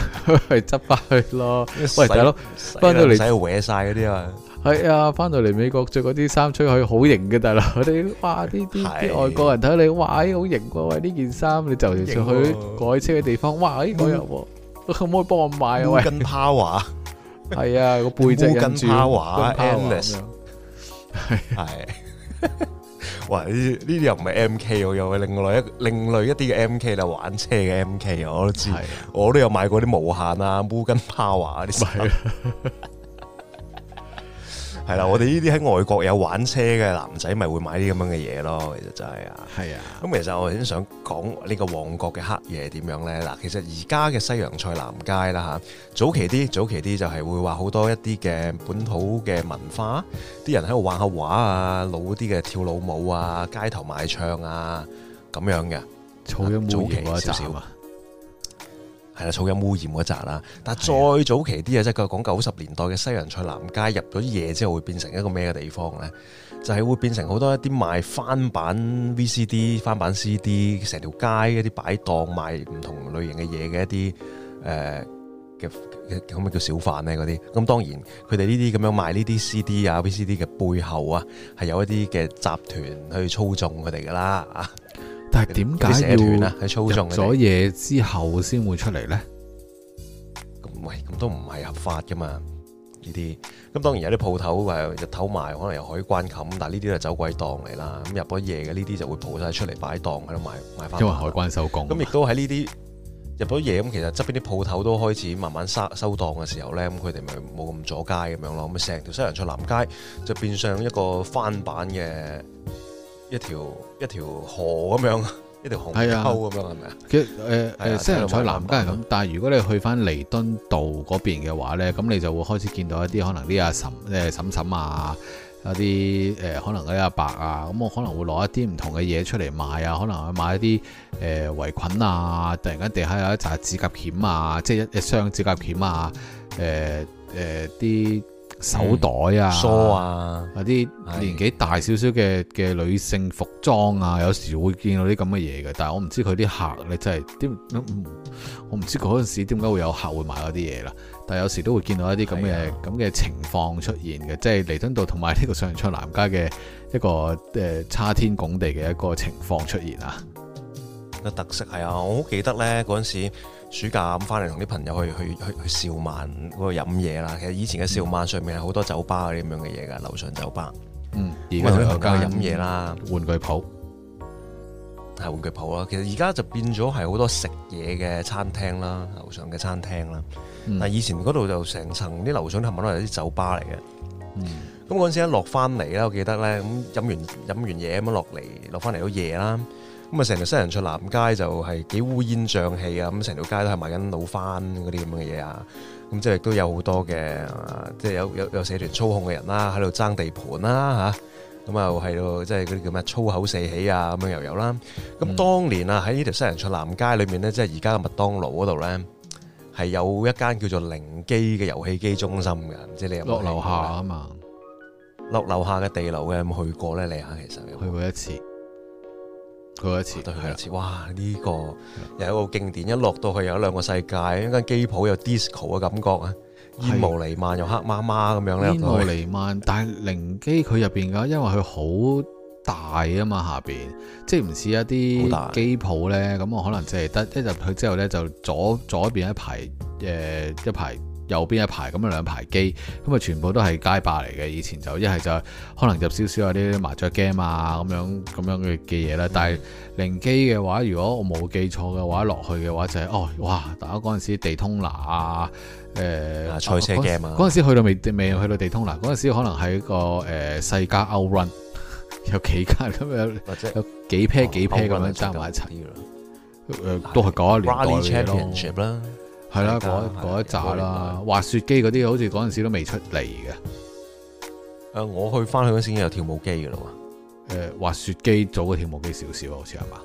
係執翻去咯。喂，大佬，翻到嚟洗搲晒嗰啲啊？係啊，翻到嚟美國着嗰啲衫出去好型嘅，大佬，我哋哇呢啲啲外國人睇你哇，咦好型嘅，喂呢件衫，你就完出去改車嘅地方，哇咦我入喎，可唔可以幫我買啊？烏跟 power，係啊個背脊烏跟 power。係、啊， 哇！呢呢啲又唔係 M K，我有另外一另類一啲嘅 M K 就玩車嘅 M K，我都知，啊、我都有買過啲無限啊、Mugen Power 啲、啊。 係啦，我哋呢啲喺外國有玩車嘅男仔，咪會買啲咁樣嘅嘢咯。其實就係啊，係啊。咁其實我已經想講呢個旺角嘅黑夜點樣呢。嗱，其實而家嘅西洋菜南街啦吓，早期啲，早期啲就係會話好多一啲嘅本土嘅文化，啲人喺度畫下畫啊，老啲嘅跳老舞啊，街頭賣唱啊，咁樣嘅。早期少少。係啦，噪音污染嗰集啦，但係再早期啲啊，即係佢講九十年代嘅西洋菜南街入咗夜之後會變成一個咩嘅地方咧？就係會變成好多一啲賣翻版 VCD、翻版 CD，成條街一啲擺檔賣唔同類型嘅嘢嘅一啲誒嘅可唔可以叫小販咧？嗰啲咁當然佢哋呢啲咁樣賣呢啲 CD 啊、VCD 嘅背後啊，係有一啲嘅集團去操縱佢哋噶啦啊！但係點解要入咗夜之後先會出嚟咧？咁喂，咁都唔係合法噶嘛？呢啲咁當然有啲鋪頭誒，日頭賣可能又海關冚，但係呢啲就走鬼檔嚟啦。咁入咗夜嘅呢啲就會抱晒出嚟擺檔喺度賣賣翻。因為海關收工咁，亦都喺呢啲入咗夜咁，其實側邊啲鋪頭都開始慢慢收收檔嘅時候咧，咁佢哋咪冇咁阻街咁樣咯。咁成條西洋菜南街就變相一個翻版嘅。一條一條河咁樣，一條河溝咁樣係咪啊？其實誒誒，西洋菜南街係咁。但係如果你去翻彌敦道嗰邊嘅話咧，咁你就會開始見到一啲可能啲阿嬸誒嬸嬸啊，一啲誒、呃、可能嗰啲阿伯啊，咁我可能會攞一啲唔同嘅嘢出嚟賣啊，可能賣一啲誒圍裙啊，突然間地下有一紮指甲鉗啊，即係一一雙指甲鉗啊，誒誒啲。呃手袋啊，嗯、梳啊，嗰、啊、啲、啊、年紀大少少嘅嘅女性服裝啊，有時會見到啲咁嘅嘢嘅，但係我唔知佢啲客咧真係點、嗯，我唔知嗰陣時點解會有客會買嗰啲嘢啦。但係有時都會見到一啲咁嘅咁嘅情況出現嘅，即係彌敦道同埋呢個西洋菜南街嘅一個誒、呃、差天共地嘅一個情況出現啊。特色係啊，我好記得呢嗰陣時。暑假咁翻嚟，同啲朋友去去去去兆萬嗰度飲嘢啦。其實以前嘅兆萬上面係好多酒吧啲咁樣嘅嘢噶，樓上酒吧。嗯，咁同啲朋友去飲嘢啦。玩具鋪係玩具鋪啦。其實而家就變咗係好多食嘢嘅餐廳啦，樓上嘅餐廳啦、嗯。但以前嗰度就成層啲樓上係咪都係啲酒吧嚟嘅？嗯，咁嗰陣時咧一落翻嚟啦，我記得咧，咁飲完飲完嘢咁樣落嚟，落翻嚟都夜啦。咁啊，成條西洋菜南街就係幾烏煙瘴氣啊！咁成條街都係埋緊老番嗰啲咁嘅嘢啊！咁即係亦都有好多嘅，即係有有有社團操控嘅人啦，喺度爭地盤啦嚇！咁、啊、又係咯，即係嗰啲叫咩粗口四起啊咁樣又有啦！咁當年啊，喺呢條西洋菜南街裏面呢，嗯、即係而家嘅麥當勞嗰度呢，係有一間叫做靈機嘅遊戲機中心嘅，即係你落樓下啊嘛，落樓下嘅地牢嘅有冇去過呢？你嚇其實去過一次。佢一次，去、啊、過一次。哇！呢、這個又係一個經典，一落到去有一兩個世界，一間機鋪有 disco 嘅感覺啊，煙霧瀰漫又黑麻麻咁樣咧。煙霧瀰漫，但係靈機佢入邊嘅，因為佢好大啊嘛下邊，即係唔似一啲機鋪咧，咁、嗯、我可能即係得一入去之後咧，就左左邊一排，誒、呃、一排。右邊一排咁樣兩排機，咁啊全部都係街霸嚟嘅。以前就一係就可能入少少啊啲麻雀 game 啊咁樣咁樣嘅嘅嘢啦。但係零機嘅話，如果我冇記錯嘅話，落去嘅話就係、是、哦哇打嗰陣時地通拿、呃、啊誒、啊、賽車 game、啊。嗰陣時去到未未去到地通拿，嗰陣時可能喺個誒、呃、世嘉 OutRun 有幾間咁有有幾 pair 幾 pair 咁、啊嗯、樣爭埋一齊嘅 a 誒都係九一年多嘅嘢咯。係啦，嗰一紮啦、啊呃呃，滑雪機嗰啲好似嗰陣時都未出嚟嘅。誒，我去翻去嗰陣時已經有跳舞機噶啦嘛。誒，滑雪機早過跳舞機少少，好似係嘛？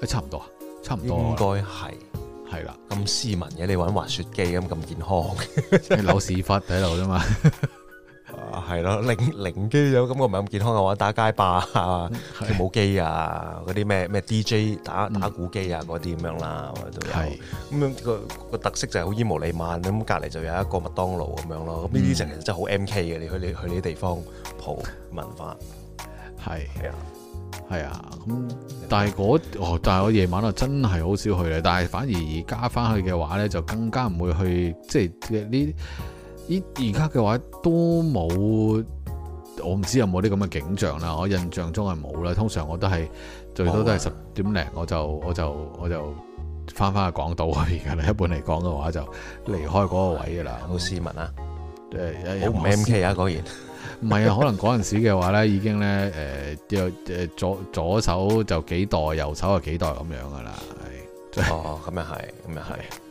誒、欸，差唔多啊，差唔多。應該係，係啦。咁斯文嘅，你玩滑雪機咁咁健康。即係扭屎忽喺度啫嘛。係咯，零零機有咁我唔係咁健康嘅話，打街霸啊，跳舞機啊，嗰啲咩咩 DJ 打打鼓機啊，嗰啲咁樣啦，都有。咁樣，嗯，那個個特色就係好煙霧瀰漫，咁隔籬就有一個麥當勞咁樣咯。咁呢啲成日真係好 MK 嘅，你去你去呢啲地方蒲文化，係係啊，係啊。咁，嗯，但係我哦，但係我夜晚啊真係好少去咧。但係反而而家返去嘅話咧，就更加唔會去即係呢。嗯，就是依而家嘅話都冇，我唔知有冇啲咁嘅景象啦。我印象中係冇啦。通常我都係最多都係十點零，我就我就我就翻翻去港島啊。而家咧一般嚟講嘅話就離開嗰個位噶啦。好市民啊！誒、嗯，有冇 M K 啊？果然唔係啊，可能嗰陣時嘅話咧，已經咧誒，有、 呃、左左手就幾代，右手就幾代咁樣噶啦。是哦，咁又係，咁又係。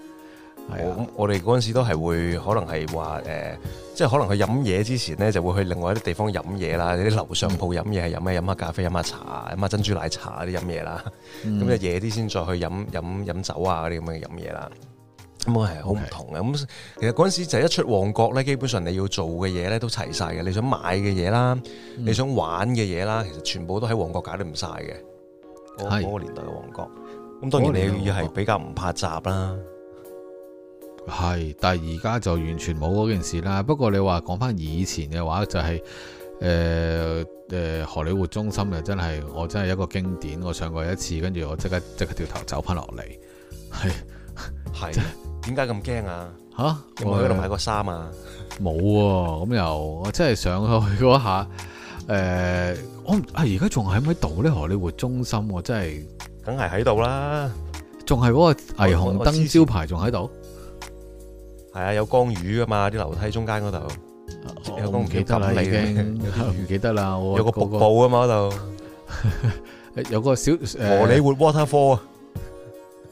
啊、我我哋嗰陣時都係會可能係話誒，即、呃、係、就是、可能去飲嘢之前咧，就會去另外一啲地方飲嘢啦。啲、就是、樓上鋪飲嘢係飲咩？飲，飲下咖啡，飲下茶，飲下珍珠奶茶嗰啲飲嘢啦。咁、嗯、就夜啲先再去飲飲飲酒啊嗰啲咁嘅飲嘢啦。咁啊係好唔同嘅。咁其實嗰陣時就一出旺角咧，基本上你要做嘅嘢咧都齊晒嘅。你想買嘅嘢啦、嗯，你想玩嘅嘢啦，其實全部都喺旺角搞得唔曬嘅。嗰、那個年代嘅旺角。咁當然你要係比較唔怕雜啦。係，但係而家就完全冇嗰件事啦。不過你話講翻以前嘅話，就係誒誒荷里活中心就真係我真係一個經典，我上過一次，跟住我即刻即刻掉頭走翻落嚟。係、哎、係，點解咁驚啊？吓、啊，我喺度買個衫啊！冇咁、啊、又，我真係上去嗰下誒、呃，我啊而家仲喺唔喺度呢？荷里活中心我真係，梗係喺度啦，仲係嗰個霓虹燈招牌仲喺度。那個係啊，有江魚噶嘛？啲樓梯中間嗰度，有江魚夾你嘅，唔記得啦。我有個瀑布啊嘛，嗰度有個小荷里活 waterfall，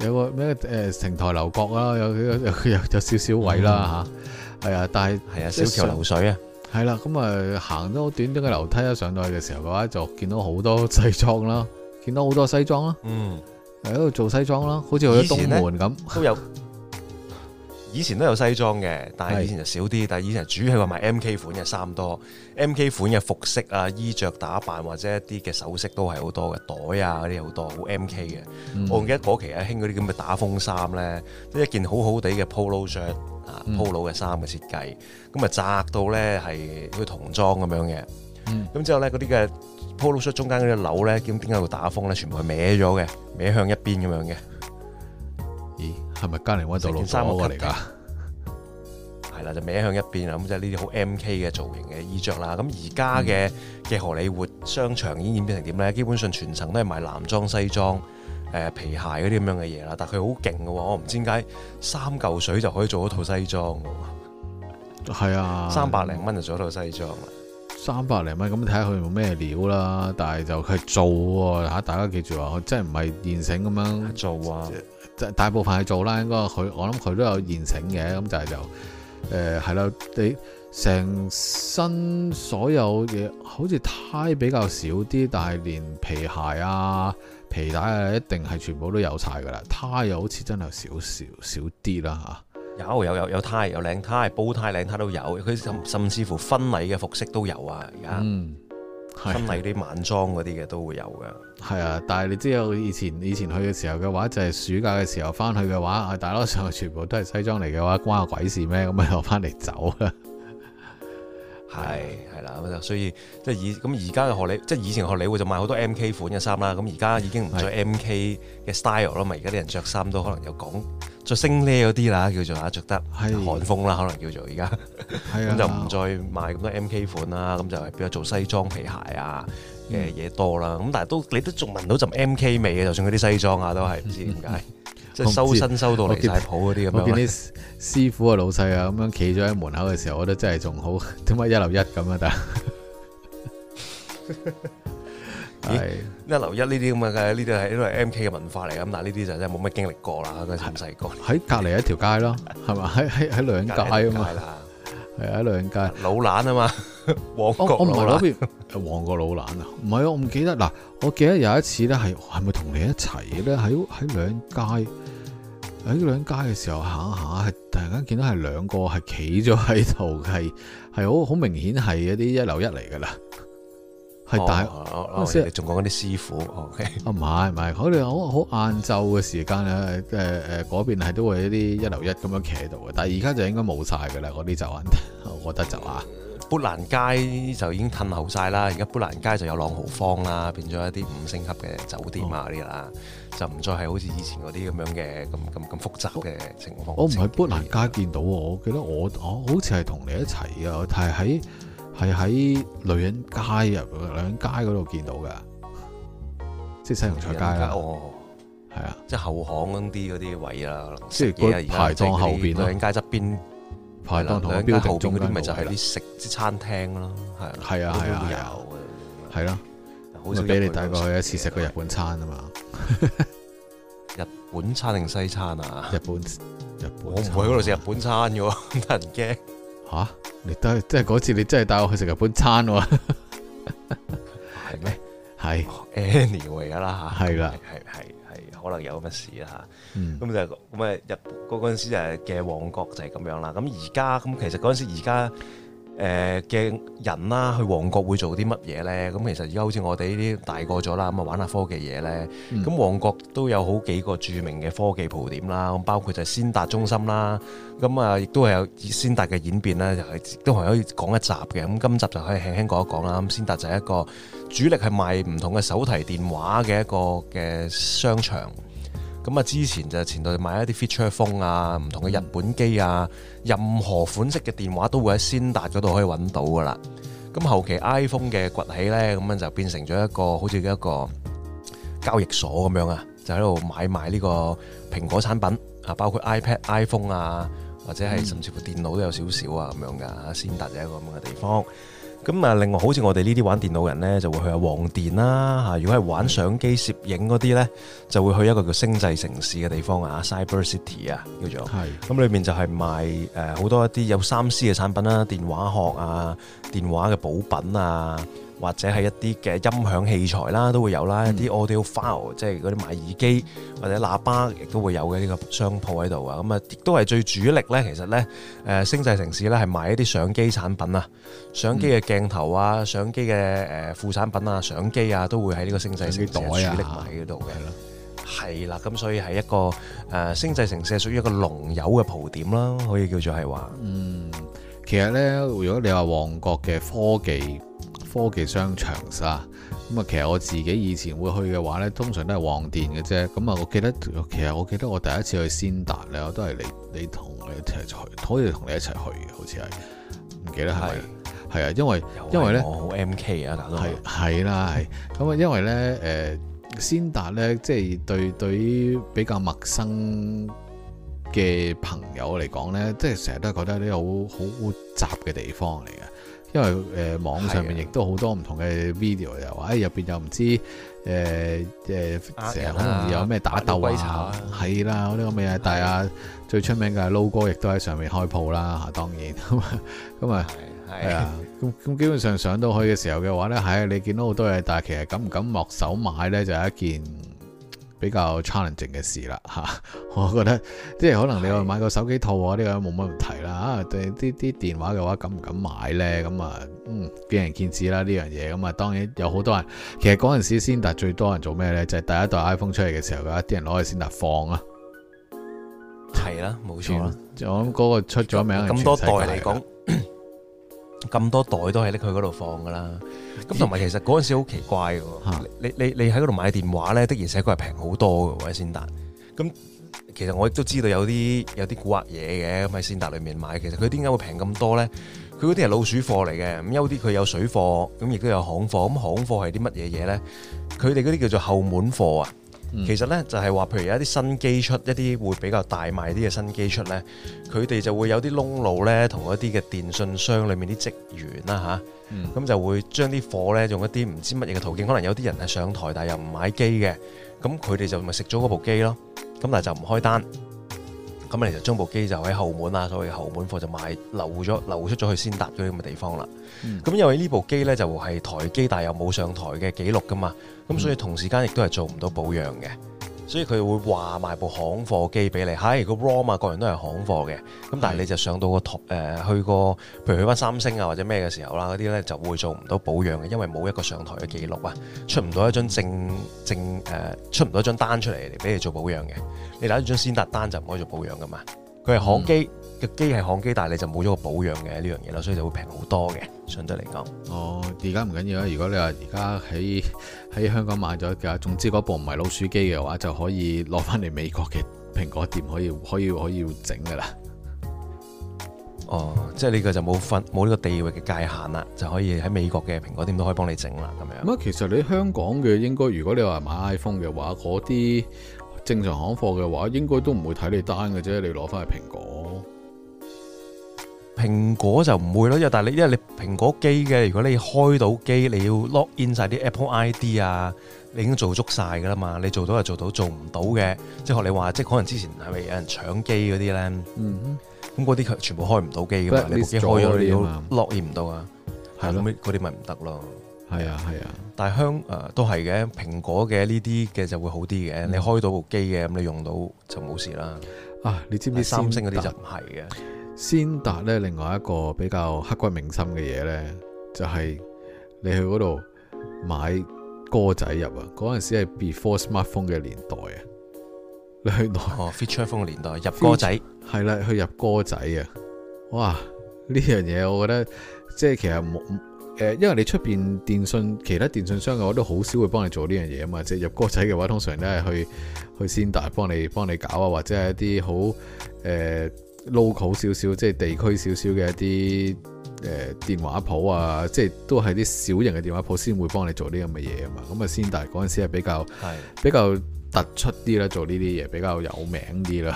有個咩誒亭台樓閣啦，有有有少少位啦嚇，係啊，但係係啊，小橋流水啊，係啦，咁啊行咗短短嘅樓梯啊上到去嘅時候嘅話，就見到好多西裝啦，見到好多西裝啦，嗯，喺度做西裝啦，好似去咗東門咁都有。以前都有西裝嘅，但係以前就少啲。但係以前係主要係話賣 MK 款嘅衫多，MK 款嘅服飾啊、衣着打扮或者一啲嘅首飾都係好多嘅袋啊嗰啲好多好 MK 嘅、嗯。我唔記得嗰期係興嗰啲咁嘅打風衫呢，即、就係、一件很好好地嘅 Polo shirt 啊、嗯、Polo 嘅衫嘅設計，咁啊窄到呢係好似童裝咁樣嘅。咁、嗯、之後呢，嗰啲嘅 Polo shirt 中間嗰啲鈕呢，咁點解打風呢？全部係歪咗嘅，歪向一邊咁樣嘅。係咪加零温就攞貨啊嚟噶？係 啦，就歪向一邊咁，即係呢啲好 M K 嘅造型嘅衣着啦。咁而家嘅嘅荷里活商場已經演變成點咧？基本上全層都係賣男裝西裝、誒、呃、皮鞋嗰啲咁樣嘅嘢啦。但係佢好勁嘅，我唔知點解三嚿水就可以做一套西裝嘅。係啊，三百零蚊就做一套西裝啦。三百零蚊咁睇下佢用咩料啦？但係就佢係做吓，大家記住啊，我真係唔係現成咁樣做啊。大部分係做啦，應該佢我諗佢都有現成嘅，咁、嗯、就係、係、就，誒係啦。你成身所有嘢好似胎比較少啲，但係連皮鞋啊、皮帶啊，一定係全部都有晒噶啦。胎又好似真係少少少啲啦嚇。有有有有胎，有靚胎，煲胎靚胎，胎都有。佢甚甚至乎婚禮嘅服飾都有啊，而家。嗯心咁啲晚裝嗰啲嘅都會有㗎。係啊，但係你知我以前以前去嘅時候嘅話，就係、是、暑假嘅時候翻去嘅話，啊，大多數全部都係西裝嚟嘅話，關我鬼事咩？咁啊，我翻嚟走啊。係，係啦咁就，所以即係以咁而家嘅學理，即係以前學理會就買好多 MK 款嘅衫啦。咁而家已經唔再 MK 嘅 style 啦嘛。而家啲人着衫都可能有講。著新呢嗰啲啦，叫做啊，著得韓風啦，可能叫做而家，咁 就唔再賣咁多 MK 款啦，咁就比較做西裝皮鞋啊嘅嘢、嗯、多啦。咁但係都你都仲聞到陣 MK 味嘅，就算嗰啲西裝啊都係唔知點解，即、嗯、係、嗯嗯就是、收身收到離曬譜嗰啲咁樣。啲師傅啊，老細啊，咁樣企咗喺門口嘅時候，我覺得真係仲好，點解一樓一咁啊？ 係一樓一呢啲咁嘅，呢啲係都係 M K 嘅文化嚟嘅。咁但呢啲就真係冇乜經歷過啦，都係咁細個。喺隔離一條街咯，係 咪？喺喺喺女人街嘛啊，啊嘛。係啊，女人街。老蘭啊嘛，旺角老蘭。哦，唔係嗰邊。旺角老蘭啊？唔係我唔記得。嗱，我記得有一次咧，係係咪同你一齊咧？喺喺女人街喺女人街嘅時候行一行，係突然間見到係兩個係企咗喺度，係係好好明顯係一啲一樓一嚟㗎啦。係大，即你仲講緊嗰啲師傅。哦、okay. 啊，唔係唔係，我哋好好晏晝嘅時間咧，誒、呃、誒，嗰邊係都會一啲一流一咁樣企喺度嘅。但係而家就應該冇晒噶啦，嗰啲就，我覺得就啊，砵蘭街就已經褪後晒啦。而家砵蘭街就有朗豪坊啦，變咗一啲五星級嘅酒店啊啲啦，oh. 就唔再係好似以前嗰啲咁樣嘅咁咁咁複雜嘅情況。我唔喺砵蘭街見到，我記得我我好似係同你一齊啊，但係喺。係喺女人街入女人街嗰度見到嘅，即係西洋菜街啦。哦，係啊，即係後巷嗰啲嗰啲位啦。即係排檔後邊，女人街側，就是那個啊、邊排檔後邊嗰啲咪就係啲食啲餐廳咯。係啊，係啊，係咯，我俾你帶過去一次食個、啊啊啊啊啊啊、日，日本餐啊嘛。 日本餐定西餐啊？日本日本，我唔會嗰度食日本餐嘅，得人驚。吓、啊，你都即係嗰次，你真係帶我去食日本餐喎，係 咩？係 anyway 啦吓，係啦，係係係可能有咁嘅事啦吓，咁、嗯、就咁啊日嗰嗰陣時就嘅旺角就係咁樣啦，咁而家咁其實嗰陣時而家。誒嘅人啦，去旺角會做啲乜嘢呢？咁其實而家好似我哋呢啲大個咗啦，咁啊玩下科技嘢呢。咁旺角都有好幾個著名嘅科技鋪點啦，咁包括就係先達中心啦。咁啊，亦都係有先達嘅演變啦，就係都係可以講一集嘅。咁今集就可以輕輕講一講啦。咁先達就係一個主力係賣唔同嘅手提電話嘅一個嘅商場。咁啊，之前就前度買一啲 feature phone 啊，唔同嘅日本機啊，任何款式嘅電話都會喺先達嗰度可以揾到噶啦。咁後期 iPhone 嘅崛起呢，咁樣就變成咗一個好似一個交易所咁樣啊，就喺度買賣呢個蘋果產品啊，包括 iPad、iPhone 啊，或者係甚至乎電腦都有少少啊咁樣噶。先達就一個咁嘅地方。咁啊，另外好似我哋呢啲玩電腦人呢，就會去下旺電啦吓。如果係玩相機、攝影嗰啲呢，嗯、就會去一個叫星際城市嘅地方啊，Cyber City 啊，叫做。係。咁裏面就係賣誒好多一啲有三 C 嘅產品啦，電話殼啊，電話嘅補品啊。或者係一啲嘅音響器材啦，都會有啦。一啲 audio file、嗯、即係嗰啲賣耳機、嗯、或者喇叭，亦都會有嘅呢個商鋪喺度啊。咁、嗯、啊，亦都係最主力咧。其實咧，誒、呃、星際城市咧係賣一啲相機產品啊，相機嘅鏡頭啊，嗯、相機嘅誒副產品啊，相機啊都會喺呢個星際城市、啊、主力賣喺度嘅。係、嗯、啦，咁所以係一個誒、呃、星際城市係屬於一個龍友嘅蒲點啦，可以叫做係話。嗯，其實咧，如果你話旺角嘅科技。科技商場啊，咁啊，其實我自己以前會去嘅話咧，通常都係旺電嘅啫。咁啊，我記得，其實我記得我第一次去先達呢，我都係你你同你一齊去，可以同你一齊去嘅，好似係唔記得係係啊，因為因為咧，我好 MK 啊，大佬。係啦，係咁啊，因為呢，誒、呃、先達呢，即係對對於比較陌生嘅朋友嚟講呢，即係成日都係覺得啲好好複雜嘅地方嚟嘅。因為誒、呃、網上面亦都好多唔同嘅 video，又話誒入邊又唔知誒誒，成日好容易有咩打鬥啊，係啦、啊，呢、啊這個嘢，大係、啊、最出名嘅係撈哥，亦都喺上面開鋪啦，嚇，當然咁 啊，咁啊係啊，咁咁基本上上到去嘅時候嘅話咧，係你見到好多嘢，但係其實敢唔敢落手買咧，就係一件。比較 challenging 嘅事啦嚇，我覺得即係可能你話買個手機套啊，呢個冇乜問題啦嚇，對啲啲電話嘅話敢唔敢買呢？咁啊，嗯見仁見智啦呢樣嘢咁啊，這個、當然有好多人其實嗰陣時先達 最多人做咩呢？就係、第一代 iPhone 出嚟嘅時候噶，啲人攞去先達放啊，係啦，冇錯，我諗嗰個出咗名咁多代嚟講。 咁多袋都係拎佢嗰度放㗎喇，咁同埋其實嗰陣時好奇怪喎，你你你喺嗰度買電話咧，的而且確係平好多㗎喎喺先達。咁其實我亦都知道有啲有啲古惑嘢嘅，咁喺先達裏面買，其實佢點解會平咁多咧？佢嗰啲係老鼠貨嚟嘅，咁有啲佢有水貨，咁亦都有行貨。咁行貨係啲乜嘢嘢咧？佢哋嗰啲叫做後門貨啊！嗯、其實咧就係話，譬如有一啲新機出，一啲會比較大賣啲嘅新機出咧，佢哋就會有啲窿路咧，同一啲嘅電信商裏面啲職員啦嚇，咁、啊嗯、就會將啲貨咧用一啲唔知乜嘢嘅途徑，可能有啲人係上台但又唔買機嘅，咁佢哋就咪食咗嗰部機咯，咁但就唔開單，咁你其實將部機就喺後門啊，所謂後門貨就賣流咗流出咗去先達咗啲咁嘅地方啦。咁因為呢部機咧就係、是、台機，但又冇上台嘅記錄噶嘛。咁、嗯、所以同時間亦都係做唔到保養嘅，所以佢會話埋部行貨機俾你。嚇、哎，嗰個 ROM 啊，個人都係行貨嘅。咁但係你就上到個台誒、呃，去個譬如去返三星啊或者咩嘅時候啦、啊，嗰啲咧就會做唔到保養嘅，因為冇一個上台嘅記錄啊，出唔到一張正正誒、呃、出唔到一張單出嚟嚟俾你做保養嘅。你攞住張先達單就唔可以做保養㗎嘛，佢係行機。嗯個機係行機，但係你就冇咗個保養嘅呢樣嘢啦，所以就會平好多嘅。相對嚟講，哦，而家唔緊要啦。如果你話而家喺喺香港買咗嘅，總之嗰部唔係老鼠機嘅話，就可以攞翻嚟美國嘅蘋果店可以可以可以整噶啦。哦，即係呢個就冇分冇呢個地域嘅界限啦，就可以喺美國嘅蘋果店都可以幫你整啦。咁樣咁其實你香港嘅應該，如果你話買 iPhone 嘅話，嗰啲正常行貨嘅話，應該都唔會睇你單嘅啫。你攞翻去蘋果。蘋果就唔會咯，因為但係你因為你蘋果機嘅，如果你開到機，你要 lock in 曬啲 Apple ID 啊，你已經做足曬噶啦嘛，你做到就做到，做唔到嘅，即係學你話，即係可能之前係咪有人搶機嗰啲咧？嗯，咁嗰啲佢全部開唔到機噶嘛，你部機開咗你都 lock in 唔到啊，係咯，咁嗰啲咪唔得咯，係啊係啊，但係香誒都係嘅，蘋果嘅呢啲嘅就會好啲嘅，你開到部機嘅，咁你用到就冇事啦。啊，你知唔知三星嗰啲就唔係嘅？先達咧，另外一個比較刻骨銘心嘅嘢咧，就係、是、你去嗰度買歌仔入啊！嗰陣時係 before smartphone 嘅年代啊，你去哦 feature phone 嘅年代入歌仔係啦，去入歌仔啊！哇，呢樣嘢我覺得即係其實冇誒、呃，因為你出邊電信其他電信商嘅我都好少會幫你做呢樣嘢啊嘛，即係入歌仔嘅話，通常都係去去先達幫你幫你搞啊，或者係一啲好誒。呃 local 少少即係地區少少嘅一啲誒電話鋪啊，即係都係啲小型嘅電話鋪先會幫你做啲咁嘅嘢啊嘛。咁啊先，但係嗰陣時係比較係比較突出啲啦，做呢啲嘢比較有名啲啦。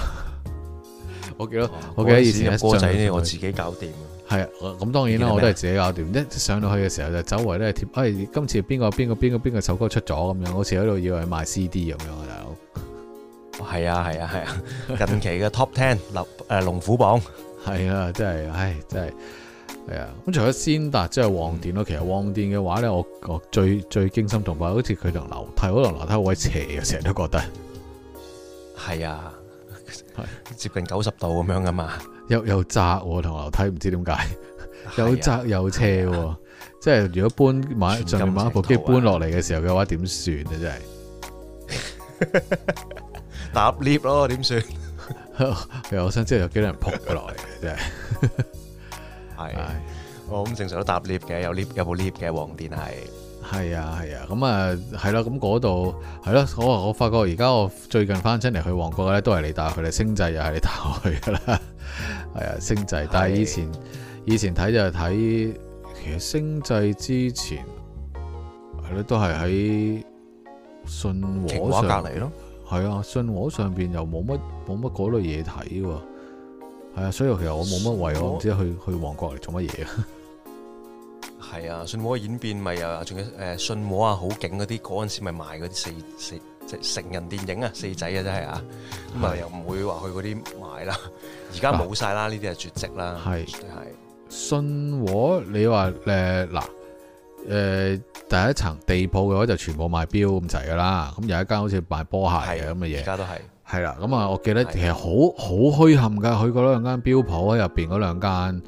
我記得、啊、我記得以前一過、啊、仔咧，我自己搞掂。係啊，咁當然啦，我都係自己搞掂。一上到去嘅時候就周圍咧貼，哎，今次邊個邊個邊個邊個首歌出咗咁樣，好似喺度以為賣 CD 咁樣啊，大佬。係啊係啊係啊，近期嘅 Top Ten，誒龍虎榜，係啊真係，唉真係，係啊。咁除咗先達即係旺電咯、嗯，其實旺電嘅話咧，我覺最最驚心動魄，好似佢條樓梯，嗰條樓梯好鬼斜啊，成 日都覺得。係啊，啊，接近九十度咁樣噶嘛，又又、啊、窄同、啊、樓梯，唔知點解，又、啊、 窄又斜、啊啊，即係如果搬買再買部機搬落嚟嘅時候嘅話，點算啊真係。 搭 lift 咯，點算？其 實我想知道有幾多人撲落嚟嘅，真係係我咁正常都搭 lift 嘅，有 lift 有冇 lift 嘅旺電係係啊係啊，咁啊係啦，咁嗰度係咯，我我發覺而家我最近翻親嚟去旺角咧，都係你帶佢哋，星際又係你帶我去噶啦，係啊星際，但係以前、啊、以前睇就係睇其實星際之前係咯、啊、都係喺信和隔籬咯。係啊，信和上邊又冇乜冇乜嗰類嘢睇喎，係啊，所以其實我冇乜為我唔知去去旺角嚟做乜嘢啊。係啊，信和演變咪啊？仲有誒信和啊好勁嗰啲嗰陣時咪賣嗰啲四四即成人電影啊四仔啊真係啊，咁啊又唔會話去嗰啲買啦，而家冇晒啦呢啲係絕跡啦。係係信和你話誒嗱。呃誒、呃、第一層地鋪嘅話就全部賣表咁滯噶啦，咁有一間好似賣波鞋嘅咁嘅嘢，而家都係係啦。咁啊，我記得其實好好虛冚噶，去嗰兩間表鋪，喺入邊嗰兩間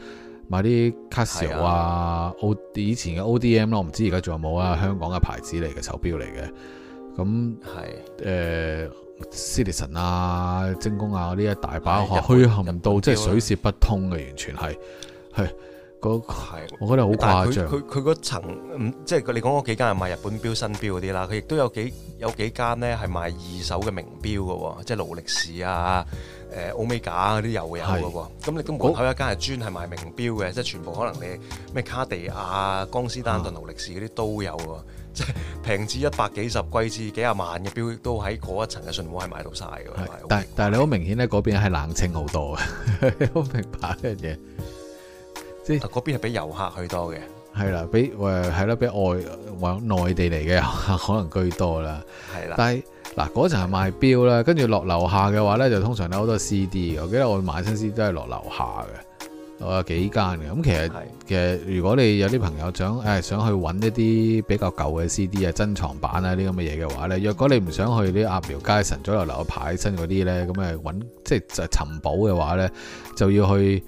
賣啲 Casio 啊、O 以前嘅 O D M 咯，唔知而家仲有冇啊？香港嘅牌子嚟嘅手錶嚟嘅，咁係誒 Citizen 啊、精工啊嗰啲一大把，虛冚到即係水泄不通嘅，完全係係。是係，我覺得好誇張。佢佢佢嗰層即係你講嗰幾間係賣日本表、新表嗰啲啦，佢亦都有幾有幾間咧係賣二手嘅名表嘅喎，即係勞力士啊、誒、欸、奧美伽嗰啲又有嘅喎。咁你咁門口一間係專係賣名表嘅、哦，即係全部可能你咩卡地亞、江詩丹頓、勞、啊、力士嗰啲都有喎，即係平至一百幾十，貴至幾廿萬嘅表都喺嗰一層嘅信和喺賣到晒嘅。但係但係你好明顯呢，嗰、嗯、邊係冷清好多嘅，好、嗯、 明白呢樣嘢。嗰邊係比遊客去多嘅，係啦，比誒係啦，比外往內地嚟嘅遊客可能居多啦。係啦，但係嗱嗰陣係賣表啦，跟住落樓下嘅話咧，就通常有好多 CD，我記得我買新 CD 都係落樓下嘅，我有幾間嘅。咁其實其實如果你有啲朋友想誒想去揾一啲比較舊嘅 CD 啊、珍藏版啊啲咁嘅嘢嘅話咧，若果你唔想去啲鴨寮街神左右樓排新嗰啲咧，咁誒揾即係就係、尋寶嘅話咧，就要去。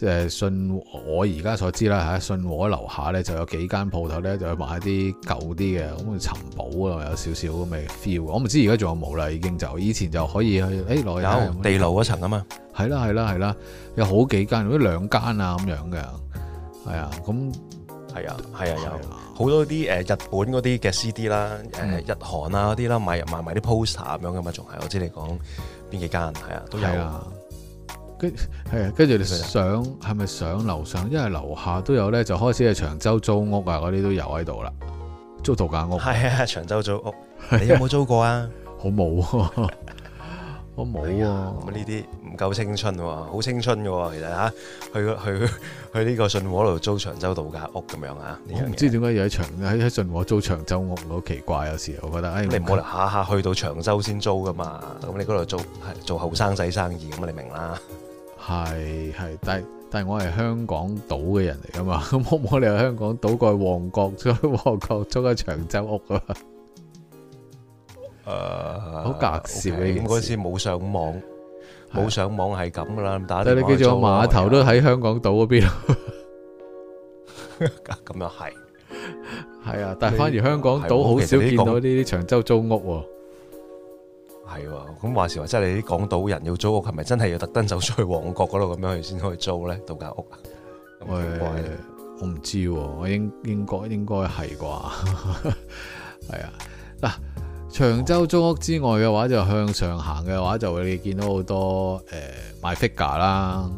誒信和而家所知啦嚇，信和樓下咧就有幾間鋪頭咧，就買啲舊啲嘅，咁去尋寶啊，有少少咁嘅 feel。我唔知而家仲有冇啦，已經就以前就可以去誒來，哎、有，哎、地牢嗰層啊嘛，係啦係啦係啦，有好幾間，有啲兩間啊咁樣嘅，係啊，咁係啊係啊有好多啲誒日本嗰啲嘅 CD 啦、嗯，誒日韓啊嗰啲啦，賣賣埋啲 poster 咁樣噶嘛，仲係我知你講邊幾間係啊都有啊。跟係啊，跟住你上係咪上樓上？因為樓下都有咧，就開始喺長洲租屋啊，嗰啲都有喺度啦。租度假屋，係 啊，長洲租屋，你有冇租過啊？好冇，我冇啊！咁呢啲唔夠青春喎。啊，好青春嘅，啊，其實吓、啊，去去去呢個信和度租長洲度假屋咁樣啊？唔知點解要喺長喺信和租長洲屋，好奇怪。有時我覺得，哎，你 冇下下去到長洲先租噶嘛？咁你嗰度做做後生仔生意咁你明啦。 係係，但係但係我係香港島嘅人嚟噶嘛，咁唔可哋喺香港島個旺角租旺角租個長洲屋啊，誒、uh,，好搞笑，你應該先冇上網，冇上網係咁噶啦，打你記住碼頭都喺香港島嗰邊，咁又係，係啊，但係反而香港島好少見到呢啲長洲租屋喎。係喎、啊，咁話時話，即係你啲港島人要租屋，係咪真係要特登走出去旺角嗰度咁樣去先可以租咧度假屋啊？我唔知喎，我應該應該應該係啩？係 啊，嗱，長洲租屋之外嘅話，就向上行嘅話，就會見到好多誒、呃、賣 figure 啦，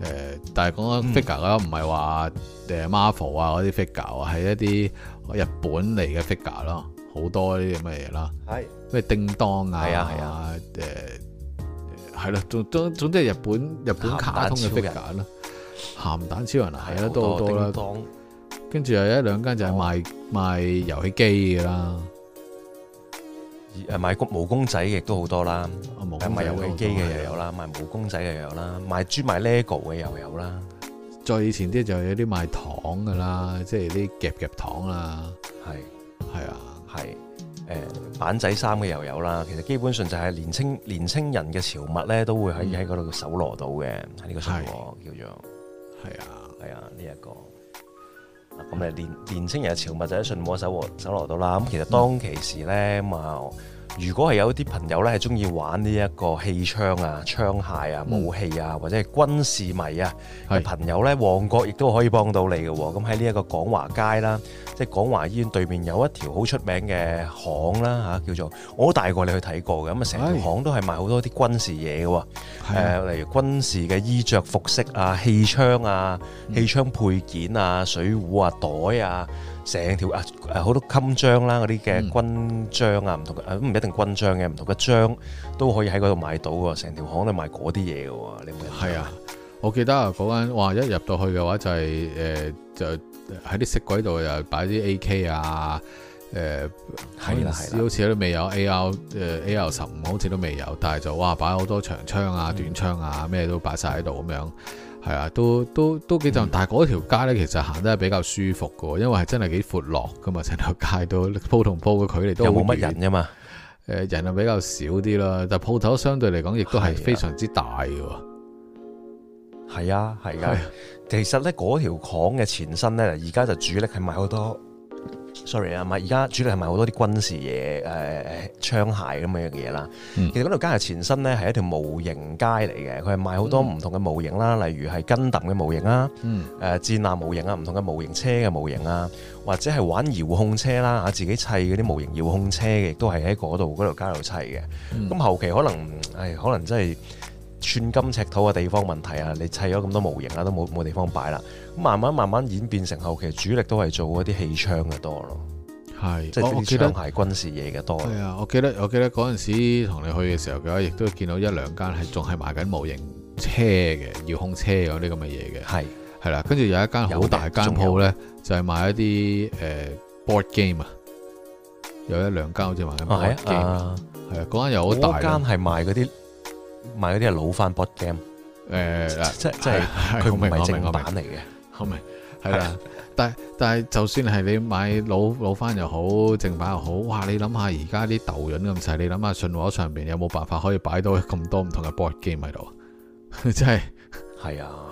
呃、但係講緊 figure 啦，唔係話誒 Marvel 啊嗰啲 figure，係一啲日本嚟嘅 figure 咯。好多呢啲咁嘅嘢啦，咩叮當啊，誒係啦，總總總之日本日本卡通嘅 figure 啦，鹹蛋超人係、啊、得、啊、都好多啦、啊。跟住有一兩間就係賣、哦、賣遊戲機嘅啦、啊，誒賣公毛公仔亦都好多啦、啊。係、啊、賣遊戲機嘅又有啦，賣毛公仔嘅又有啦，賣專、啊啊賣，啊賣，啊、賣，賣 lego 嘅又有啦、啊。再以前啲就有啲賣糖㗎啦、啊，即係啲夾夾糖啦，係係啊。係誒、欸、板仔衫嘅又有啦，其實基本上就係年青年青人嘅潮物咧，都會喺喺嗰度搜羅到嘅。喺呢個信和叫做係、嗯、啊，係啊，呢、嗯、一、啊這個咁誒年、嗯、年青人嘅潮物就喺信和搜羅搜羅到啦。咁其實當其時咧，冇、嗯。嗯如果係有啲朋友咧，係中意玩呢一個氣槍啊、槍械啊、武器啊，或者係軍事迷啊嘅、嗯、朋友咧，旺角亦都可以幫到你嘅、啊。咁喺呢一個廣華街啦、啊，即係廣華醫院對面有一條好出名嘅巷啦嚇，叫做我好大個你去睇過嘅，咁啊成條巷都係賣好多啲軍事嘢嘅、啊，誒、嗯呃、例如軍事嘅衣着、服飾啊、氣槍啊、氣槍配件啊、水壺啊、袋啊。成條啊誒好多襟章啦，嗰啲嘅軍章啊，唔、嗯啊、同嘅，都唔一定軍章嘅，唔同嘅章都可以喺嗰度買到喎。成條巷都賣嗰啲嘢嘅喎，你會係啊？我記得、就是呃、啊，嗰間哇一入到去嘅話就係誒就喺啲飾櫃度又擺啲 AK 啊誒，係啦係啦，好似都未有 AR 誒 AR 十五，啊 AR15、好似都未有，但係就哇擺好多長槍啊、嗯、短槍啊，咩都擺晒喺度咁樣。係啊，都都都幾近，嗯、但係嗰條街咧，其實行得係比較舒服嘅，因為係真係幾闊落嘅嘛，成條街都鋪同鋪嘅距離都冇乜人啊嘛。誒、呃，人又比較少啲啦，但係鋪頭相對嚟講，亦都係非常之大嘅。係啊，係啊，啊，啊，其實咧嗰條巷嘅前身咧，而家就主力係賣好多。sorry 啊，咪而家主力係賣好多啲軍事嘢，誒、呃、槍械咁樣嘅嘢啦。其實嗰條街係前身咧係一條模型街嚟嘅，佢係賣好多唔同嘅模型啦、嗯，例如係 Gundam 嘅模型啦，誒、嗯呃、戰艦模型啊，唔同嘅模型車嘅模型啊，或者係玩遙控車啦，啊自己砌嗰啲模型遙控車嘅，都係喺嗰度嗰條街度砌嘅。咁後期可能誒，可能真係。寸金尺土嘅地方問題啊！你砌咗咁多模型啊，都冇冇地方擺啦。慢慢慢慢演變成後期主力都係做嗰啲氣槍嘅多咯。係，即係槍械軍事嘢嘅多。係啊，我記得我記得嗰陣時同你去嘅時候嘅，亦都見到一兩間係仲係賣緊模型車嘅遙控車嗰啲咁嘅嘢嘅。係係啦，跟住有一間好大間鋪咧，就係、是、賣一啲誒、呃、board game 啊，有一兩間好似賣 board game 啊，係啊，嗰間又好大間係賣嗰啲。買嗰啲係老翻 board game，誒、欸，即係、哎、即係佢唔係正版嚟嘅，我明。係啦 但係但係，就算係你買老老翻又好，正版又好，哇！你諗下而家啲豆潤咁細，你諗下信和上邊有冇辦法可以擺到咁多唔同嘅 board game 喺度？ 真係係啊，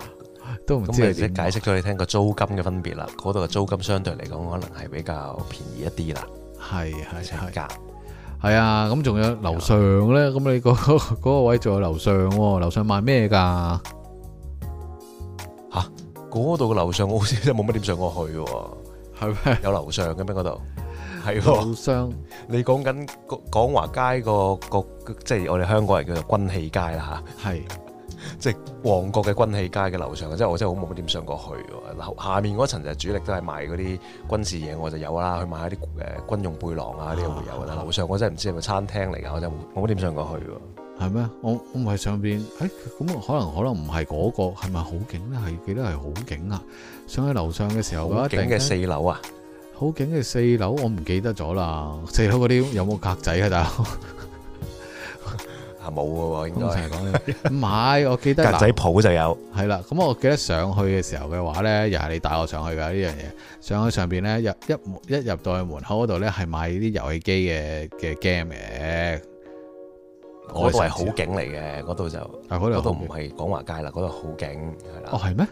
都唔知。即係解釋咗你聽個租金嘅分別啦，嗰度嘅租金相對嚟講可能係比較便宜一啲啦，係係係。係啊，咁仲有樓上咧，咁你嗰個嗰、嗰個位仲有樓上喎、哦，樓上賣咩噶？吓、啊？嗰度樓上我好似真係冇乜點上過去喎、啊。係咩？有樓上嘅咩嗰度？係。樓、 啊、上。你講緊廣華街個個即係我哋香港人叫做軍器街啦吓，係。即係旺角嘅軍器街嘅樓上，即係我真係好冇點上過去。嗱，下面嗰層就主力都係賣嗰啲軍事嘢，我就有啦。去買一啲誒軍用背囊啊，呢個會有。樓上我真係唔知係咪餐廳嚟噶，我就冇冇點上過去。係咩？我我唔係上邊。咁、欸、可能可能唔係嗰個，係咪好景咧？係記得係好景啊！上喺樓上嘅時候，好景嘅四樓啊！好景嘅四樓，我唔記得咗啦。四樓嗰啲有冇格仔啊？就 係冇嘅喎，應該唔係。我記得格仔鋪就有係啦。咁我記得上去嘅時候嘅話咧，又係你帶我上去㗎呢樣嘢。上去上邊咧，入一門，一入到去門口嗰度咧，係賣啲遊戲機嘅嘅 game 嘅。嗰度係好景嚟嘅，嗰度就嗰度唔係廣華街啦，嗰度好景係啦。哦，係咩？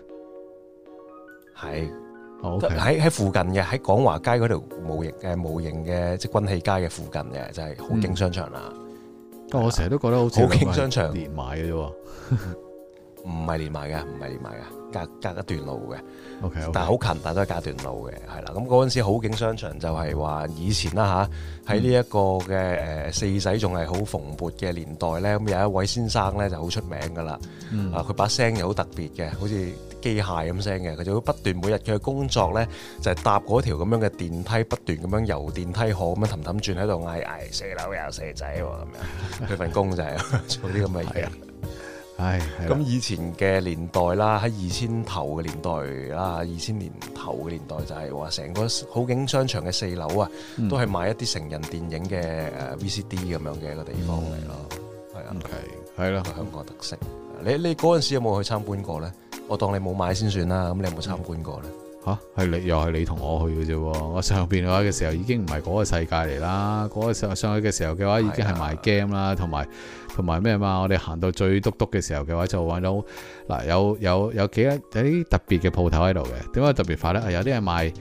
係，喺喺附近嘅，喺廣華街嗰條模型嘅模型嘅即軍器街嘅附近嘅，就係好景商場啦。但我成日都覺得好似咁樣係連埋嘅啫喎。唔係連埋嘅，唔係連埋嘅，隔隔一段路嘅。Okay。但係好近，但係都係隔一段路嘅，係啦。咁嗰陣時好景商場就係話以前啦嚇，喺呢一個嘅誒四仔仲係好蓬勃嘅年代咧，咁有一位先生咧就好出名㗎啦。啊，佢把聲又好特別嘅，好似機械咁聲嘅。佢就會不斷每日佢嘅工作咧，就係搭嗰條咁樣嘅電梯，不斷咁樣遊電梯河咁樣氹氹轉喺度嗌嗌四樓又四仔咁樣。佢份工就係做啲咁嘅嘢。係，咁以前嘅年代啦，喺二千頭嘅年代啦，二千年頭嘅年代就係話，成個好景商場嘅四樓啊，都係買一啲成人電影嘅誒 VCD 咁樣嘅一個地方嚟咯，係、嗯、啊，係係香港特色。你你嗰陣時有冇去參觀過呢？我當你冇買先算啦，咁你有冇參觀過呢？嗯啊、又你又係你同我去嘅啫喎！我上邊嘅話嘅時候已經唔係嗰個世界嚟啦，嗰個上上去嘅時候嘅話已經係賣 game 啦，同埋同埋咩嘛？我哋行到最督篤嘅時候嘅話就搵到嗱、啊、有有有幾間有啲特別嘅鋪頭喺度嘅，點解特別快咧？有啲係賣、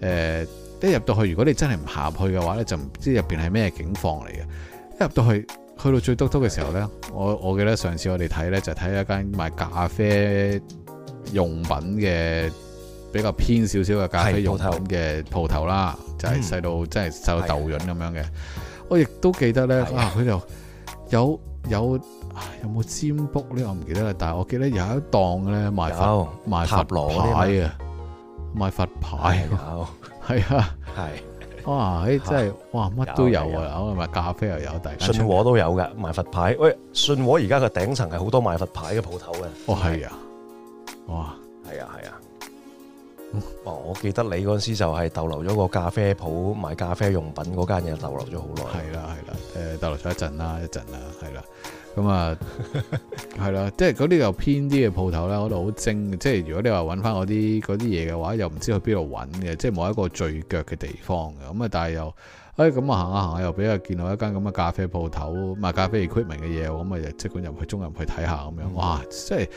呃、一入到去，如果你真係唔行去嘅話咧，就唔知入邊係咩境況嚟嘅。一入到去，去到最督篤嘅時候咧，我我記得上次我哋睇咧就睇、是、一間賣咖啡用品嘅。比較偏少少嘅咖啡用品嘅鋪頭啦，就係、是、細到、嗯、真係細到豆潤咁樣嘅。我亦都記得咧，啊，佢就有有有冇占卜咧？我唔記得啦。但係我記得有一檔咧賣佛賣佛羅牌啊，賣佛牌有係啊，係哇！誒、欸，真係哇，乜都有啊，咁啊咖啡又有，大家。信和都有嘅賣佛牌。喂，信和而家嘅頂層係好多賣佛牌嘅鋪頭嘅。哦，係啊，哇，係啊，係啊。我我記得你嗰陣時就係逗留咗個咖啡鋪賣咖啡用品嗰間嘢，逗留咗好耐。係啦係啦，誒逗留咗一陣啦一陣啦係啦，咁啊係啦，即係嗰啲又偏啲嘅鋪頭啦，嗰度好精，即係如果你話揾翻嗰啲嗰啲嘢嘅話，又唔知去邊度揾嘅，即係冇一個聚腳嘅地方嘅，咁啊但係又誒咁啊行下行下又俾啊見到一間咁嘅咖啡鋪頭，賣咖啡 equipment 嘅嘢，咁啊就即管入去中入去睇下咁樣、嗯，哇！即係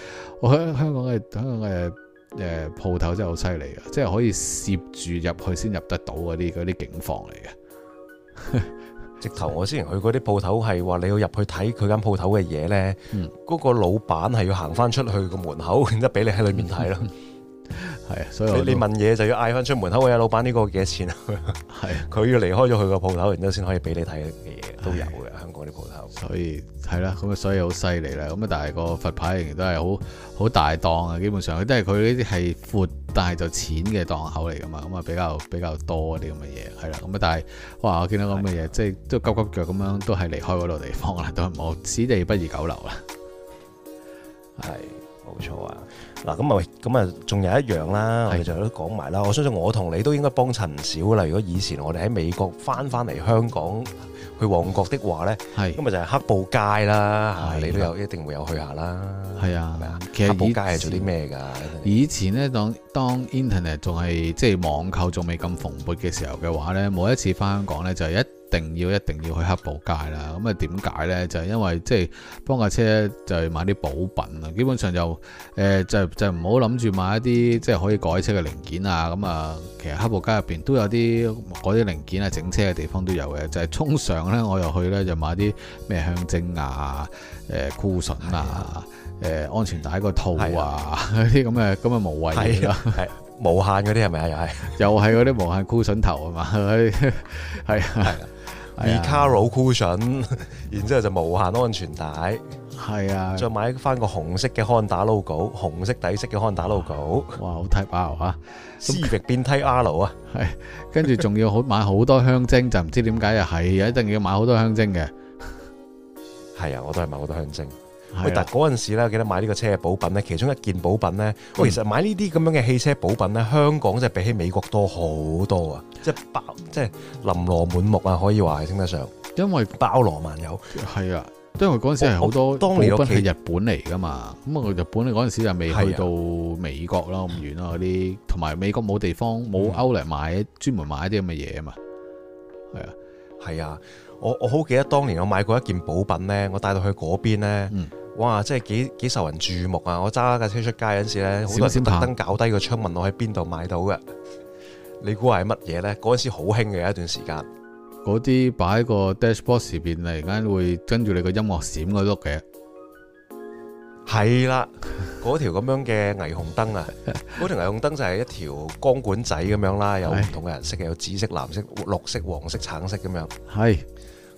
我喺香港嘅香港嘅。誒，鋪頭真係好犀利噶，即係可以攝住入去先入得到嗰啲嗰啲警方嚟嘅。的 直頭我之前去嗰啲鋪頭係話你要入去睇佢間鋪頭嘅嘢呢，嗰、嗯嗰個老闆係要行翻出去個門口，然之後俾你喺裏面睇咯。係 啊， 所以你，你問嘢就要嗌翻出門口喂嘅，呀老闆呢個幾多錢？係 是的，佢 要離開咗佢個鋪頭，然之後先可以俾你睇嘅嘢，都有嘅。香港啲鋪頭。所以係啦，咁啊，所以好犀利啦，咁啊，但係個佛牌仍然都係好好大檔啊，基本上佢都係佢呢啲係闊但係就淺嘅檔口嚟噶嘛，咁啊比較比較多啲咁嘅嘢，係啦，咁啊，但係哇，我見到咁嘅嘢，即係都急急腳咁樣，都係離開嗰度地方啦，都係冇此地不宜久留啦，係冇錯啊，嗱，咁啊，咁啊，仲有一樣啦，的我哋就都講埋啦，我相信我同你都應該幫襯唔少啦，如果以前我哋喺美國翻翻嚟香港。去旺角的話呢，咁咪就係黑布街啦你都有一定會有去下啦。係啊，啊，其實黑布街係做啲咩㗎？以前呢，當當 internet 仲係即係網購仲未咁蓬勃嘅時候嘅話呢，每一次翻香港呢，就係、是、一。一定要一定要去黑布街啦，咁啊點解呢？就係、是、因為即係幫架車就係買啲補品啊，基本上就誒、呃、就就唔好諗住買一啲即係可以改車嘅零件啊，咁、嗯、啊其實黑布街入邊都有啲嗰啲零件啊、整車嘅地方都有嘅，就係、是、通常呢，我又去呢，就買啲咩香精啊、誒、呃、箍筍啊、誒、呃、安全帶個套啊嗰啲咁嘅咁嘅無謂嘅， 無限嗰啲係咪啊？又係又係嗰啲無限箍筍頭啊嘛，係 係。 Recaro cushion，然之後就無限安全帶，係啊，再買翻個紅色嘅 Honda logo，紅色底色嘅 Honda logo，哇，好 type 啊嚇，Civic Type R 啊，係、啊啊，跟住仲要好買好多香精， 就唔知點解又係一定要買好多香精嘅，係啊，我都係買好多香精。喂、啊，但嗰時咧，記得買呢個車嘅補品咧，其中一件補品咧，喂、嗯，其實買呢啲咁樣嘅汽車補品咧，香港即係比起美國多好多啊！即係包，即係琳琅滿目啊，可以話係稱得上。因為包羅萬有，係啊，因為嗰陣時係好多補品係日本嚟噶嘛。咁啊，我日本咧嗰陣時就未去到美國啦、啊，咁遠咯嗰啲，同埋美國冇地方冇歐嚟買、嗯，專門買啲咁嘅嘢啊嘛。係啊，係啊，我我好記得當年我買過一件補品咧，我帶到去嗰邊咧。嗯哇！即係幾幾受人注目啊！我揸架車出街嗰陣時咧，好多人都特登搞低個窗問我喺邊度買到嘅。 你估係乜嘢咧？嗰陣時好興嘅一段時間。嗰啲擺個 dashboard 邊突然間會跟住你個音樂閃嗰碌嘅。係啦，嗰條咁樣嘅霓虹燈啊，嗰 條霓虹燈就係一條光管仔咁樣啦，有唔同嘅顏色，有紫色、藍色、綠色、黃色、橙色咁樣。係。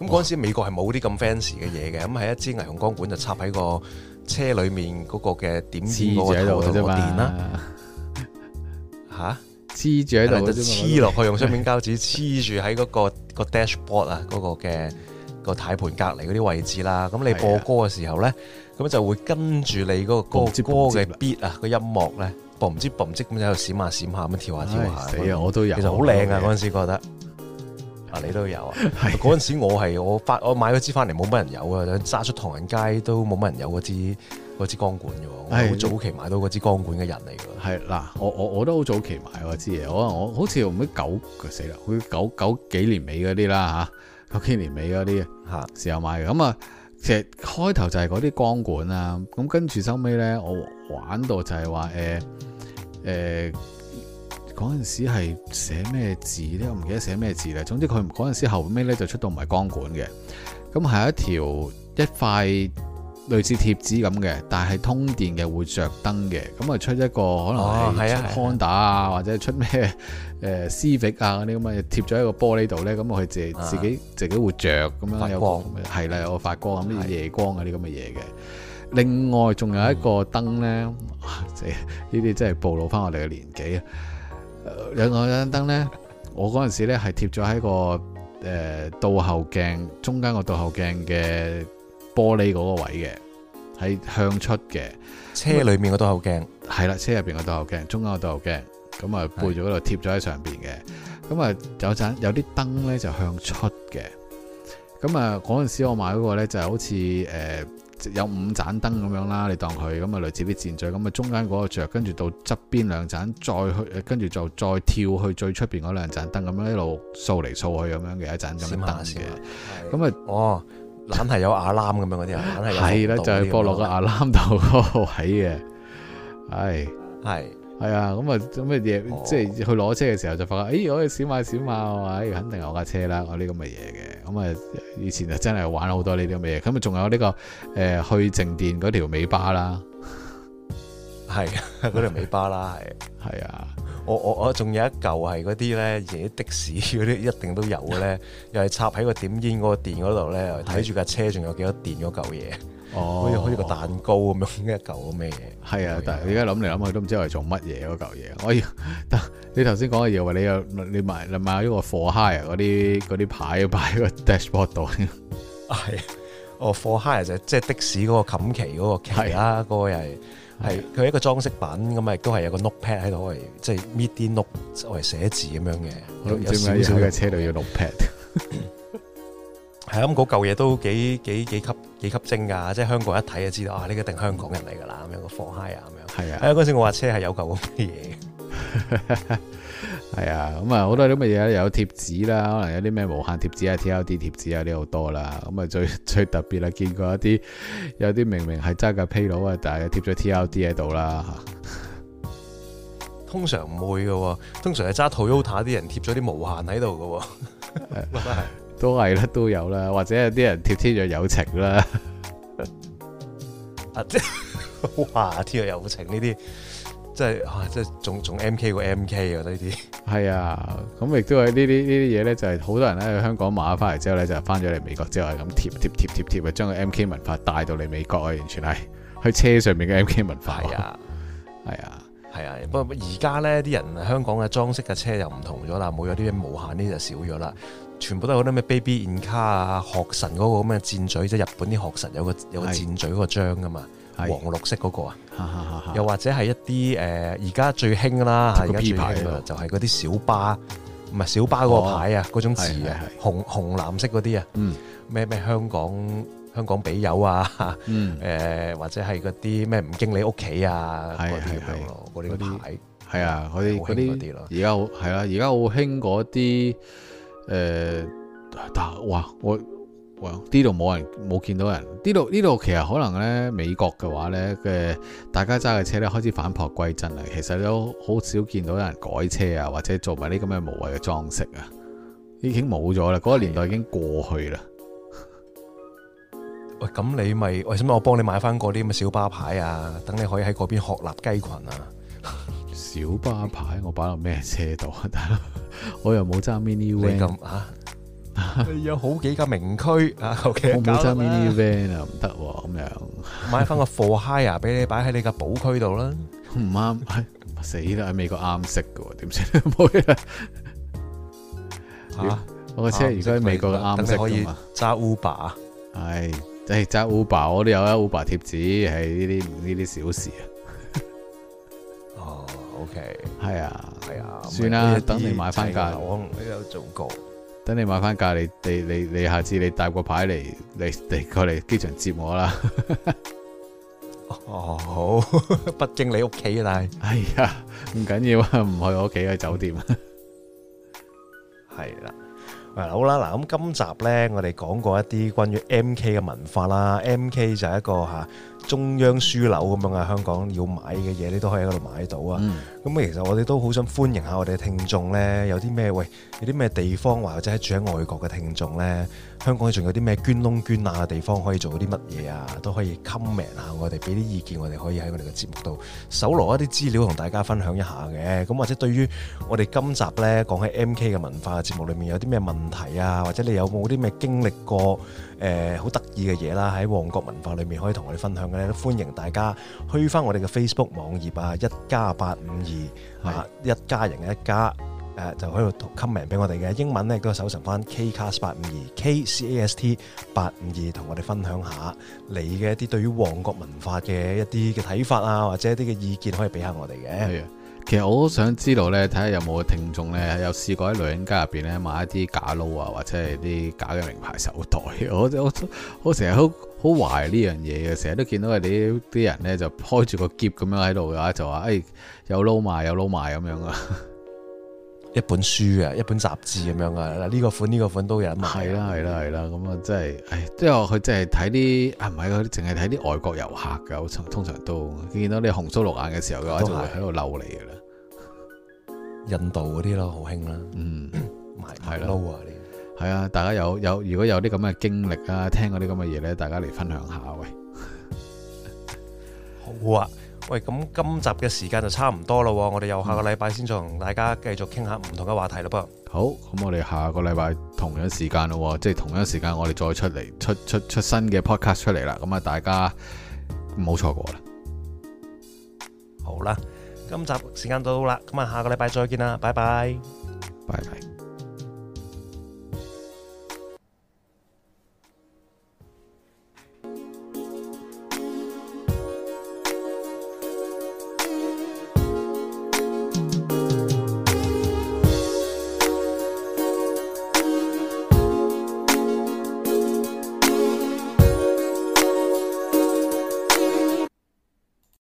咁嗰陣時，美國係冇啲咁 fancy 嘅嘢嘅，咁、嗯、係一支霓虹光管就插喺個車裏面嗰個嘅點煙嗰個頭度電啦。嚇！黐住喺度黐落去，用雙面膠紙黐住喺嗰個 dashboard 啊，嗰個嘅個軚盤隔離嗰啲位置啦。咁你播歌嘅時候咧，咁、啊、就會跟住你嗰個歌嘅歌嘅 beat 啊，個音樂咧，boom 即 boom 即咁喺度閃下閃下咁跳下跳下。係啊，我都有。其實好靚啊！嗰陣時覺得。嗱，你都有啊！嗰 陣時我係我發我買嗰支翻嚟，冇乜人有啊，揸出唐人街都冇乜人有嗰支支光管嘅喎，我好早期買到嗰支光管嘅人嚟嘅喎。係嗱，我我我都好早期買嗰支嘢，我我好似用知九佢死啦，好似九九幾年尾嗰啲啦嚇，九幾年尾嗰啲嚇時候買嘅。咁啊，其實開頭就係嗰啲光管啦，咁跟住收尾咧，我玩到就係話誒誒。欸欸嗰陣時係寫咩字咧？我唔記得寫咩字喇。總之佢嗰陣時後尾咧就出到唔係光管嘅，咁係一條一塊類似貼紙咁嘅，但係通電嘅會着燈嘅。咁啊出一個可能係 Honda 啊，或者出咩誒絲緞啊嗰啲咁嘅貼咗喺個玻璃度咧，咁佢自己自己自己會着，咁樣有光係啦，有發光啊啲夜光啊啲咁嘅嘢嘅。另外仲有一個燈咧，呢啲真係暴露返我哋嘅年紀啊！有一盞燈咧，我嗰陣時咧係貼咗喺個誒、呃、倒後鏡中間個倒後鏡嘅玻璃嗰個位嘅，係向出嘅車裏面個倒後鏡係啦，車入邊個倒後鏡中間個倒後鏡咁啊，背咗嗰度貼咗喺上邊嘅。咁啊，有盞有啲燈咧就向出嘅。咁啊，嗰陣時我買嗰個咧就係好似誒。呃有五盞燈咁樣啦，你當佢咁啊，類似啲戰象咁啊，中間嗰個着，跟住到側邊兩盞，再去，跟住就再跳去最出邊嗰兩盞燈，咁樣一路掃嚟掃去咁樣嘅一盞燈嘅，咁啊，哦，欄係有阿籃咁樣嗰啲，係啦，就係降落個阿籃到嗰個位嘅，係、嗯，係、 哎。係啊，咁啊，咁嘅嘢，oh。即係去攞車嘅時候就發覺，誒、哎，我嘅小馬小馬啊，肯定有架車啦，嗰啲咁嘅嘢嘅，咁啊，以前就真係玩好多呢啲咁嘅嘢，咁啊，仲有呢、這個誒、呃、去靜電嗰條尾巴啦，係嗰、啊、條尾巴啦，係、啊，係 啊，我我我仲有一嚿係嗰啲咧，野的士嗰啲一定都有嘅咧， 又係插喺個點煙嗰個電嗰度咧，睇住架車仲有幾多電嗰嚿嘢。哦，好似好似個蛋糕咁樣一嚿咁嘅嘢，係啊！但係而家諗嚟諗去都唔知我係做乜嘢嗰嚿嘢。我以為，得你頭先講嘅嘢話你有你買你買咗個 for hire 啊嗰啲嗰啲牌擺個 dashboard 度。係、啊啊，哦 for hire 就即、係、係、就係、的士嗰個冚旗嗰個旗啦，嗰、啊嗰個係係佢一個裝飾品咁啊，都係有個 note pad 喺度，即係搣啲 note 為寫字咁樣嘅。有少少嘅車度有 note pad。 係、嗯、咁，嗰舊嘢都幾幾幾級幾級精噶，即係香港一睇就知道啊，呢個一定香港人嚟噶啦咁樣個 f l 啊咁樣。係啊，嗰、嗯、陣時我話車係有舊嘅嘢。係 啊，咁啊好多咁嘅嘢，有貼紙啦，可能有啲咩無限貼紙啊、TRD 貼紙啊呢度多啦。咁、嗯、啊最最特別係見過一啲有啲明明係揸架皮佬啊，但係貼咗 TRD 喺度啦。通常唔會噶，通常係揸 Toyota 啲人貼咗啲無限喺度噶。咁、嗯 都係啦，都有啦，或者有啲人貼天若有情啦。啊， 哇！天若有情呢啲，即係即係仲仲 M K 過 M K 啊！呢啲係啊，咁亦都係呢啲呢啲嘢咧，就係、是、好多人喺香港買翻嚟之後咧，就翻咗嚟美國之後係咁貼貼貼貼貼，將個 M K 文化帶到嚟美國啊！完全係喺車上面嘅 M K 文化㗎啊，係啊。係啊，不過而家咧，啲人香港嘅裝飾嘅車又唔同咗啦，冇咗啲嘢無限啲就少咗啦，全部都係啲咩 baby 印卡啊，學神嗰個咁嘅箭嘴，即日本啲學神有個有個箭嘴嗰個章噶嘛，黃綠色嗰個啊哈哈哈哈，又或者係一啲誒而家最興啦，而家最興嘅就係嗰啲小巴，唔係小巴嗰個牌啊，嗰、哦、種字啊，是是是紅，紅藍色嗰啲啊，咩、嗯、咩香港。香港比友啊，誒、嗯、或者係嗰啲咩吳經理屋企啊嗰啲咯，啲牌係啊，啲啲咯。而家好係啦，而家好興嗰啲誒，但、嗯啊啊呃、哇，我我呢度冇人冇見到人。呢度呢度其實可能咧，美國嘅話咧嘅，大家揸嘅車咧開始反璞歸真啦。其實都好少見到有人改車啊，或者做埋啲咁嘅無謂嘅裝飾啊，已經冇咗啦。嗰、個年代已經過去啦。喂，咁你咪，喂，使唔使我幫你買翻嗰啲咁嘅小巴牌啊？等你可以喺嗰邊學立雞群啊！小巴牌，我擺落咩車度 我又冇揸 mini van。咁啊？ 有好幾個名區 啊，OK、啊、我冇揸 mini van 啊，唔得咁樣。 買翻個 for hire 俾你擺喺你嘅寶區度啦。唔 啱、哎，死啦！喺美國啱色噶，點先唔會啊？ 我嘅車而家喺美國啱色噶可以揸 Uber 係、哎。誒、哎，揸 Uber 我都有啊，Uber 貼紙係呢啲呢啲小事啊。哦、oh，OK，係啊係啊，算啦，等你買翻架。我有做過。等你買翻架，你你你你下次你帶個牌嚟，你你，你過嚟機場接我啦。哦，好，北京你屋企啊？但係，哎呀，唔緊要啊，唔去我屋企嘅酒店啊，係 啦。誒好啦，嗱，咁今集咧，我哋講過一啲關於 MK 嘅文化啦，MK 就係一個、啊中央書樓咁樣啊，香港要買嘅嘢你都可以喺嗰度買到啊。咁啊，其實我哋都好想歡迎下我哋嘅聽眾呢，有啲咩喂，有啲咩地方或者住喺外國嘅聽眾呢，香港仲有啲咩捐窿捐罅嘅地方可以做啲乜嘢啊？都可以 comment 下我哋，俾啲意見我哋，可以喺我哋嘅節目度搜羅一啲資料同大家分享一下嘅。咁或者對於我哋今集呢，講喺 MK 嘅文化嘅節目裏面有啲咩問題啊，或者你有冇啲咩經歷過？誒好得意嘅嘢啦，喺旺角文化裏面可以同我哋分享嘅咧，歡迎大家去翻我哋嘅 Facebook 網頁啊，一家八五二啊，一家人嘅一家誒，就喺度 comment 俾我哋嘅英文咧，都係搜尋翻 Kcast 八五二 Kcast 八五二，同我哋分享下你嘅一啲對於旺角文化嘅一啲嘅睇法啊，或者一啲嘅意見，可以俾下我哋嘅。其實我好想知道咧，睇下有冇聽眾咧，有試過喺女人街入面咧買一啲假撈啊，或者係啲假嘅名牌手袋。我我我成日好好懷疑呢樣嘢嘅，成日都見到啲啲人咧就開住個篋咁樣喺度嘅話就話誒、哎、有撈賣，有撈賣咁樣啊。一本書啊，一本雜誌咁樣啊，嗱、呢、呢個款呢、呢個款都有賣。係啦係啦係啦，咁啊真係，誒，即係佢即係睇啲，啊唔係，佢淨係睇啲外國遊客嘅，通常都見到你紅鬚綠眼嘅時候嘅話，就係喺度嬲你嘅啦。印度嗰啲咯，好興啦，嗯，係、嗯、啦，係、嗯、啊、嗯嗯嗯嗯嗯嗯嗯，大家有有如果有啲咁嘅經歷啊、嗯，聽過啲咁嘅嘢咧，大家嚟分享下喂。好啊。喂，咁今集嘅時間就差唔多啦，我哋又下個禮拜先同大家繼續傾下唔同嘅話題啦噃。好，咁我哋下個禮拜同樣時間咯，即係同樣時間我哋再出嚟出出出新嘅 podcast 出嚟啦，咁啊大家唔好錯過啦。好啦，今集時間到啦，咁啊下個禮拜再見啦，拜拜，拜拜。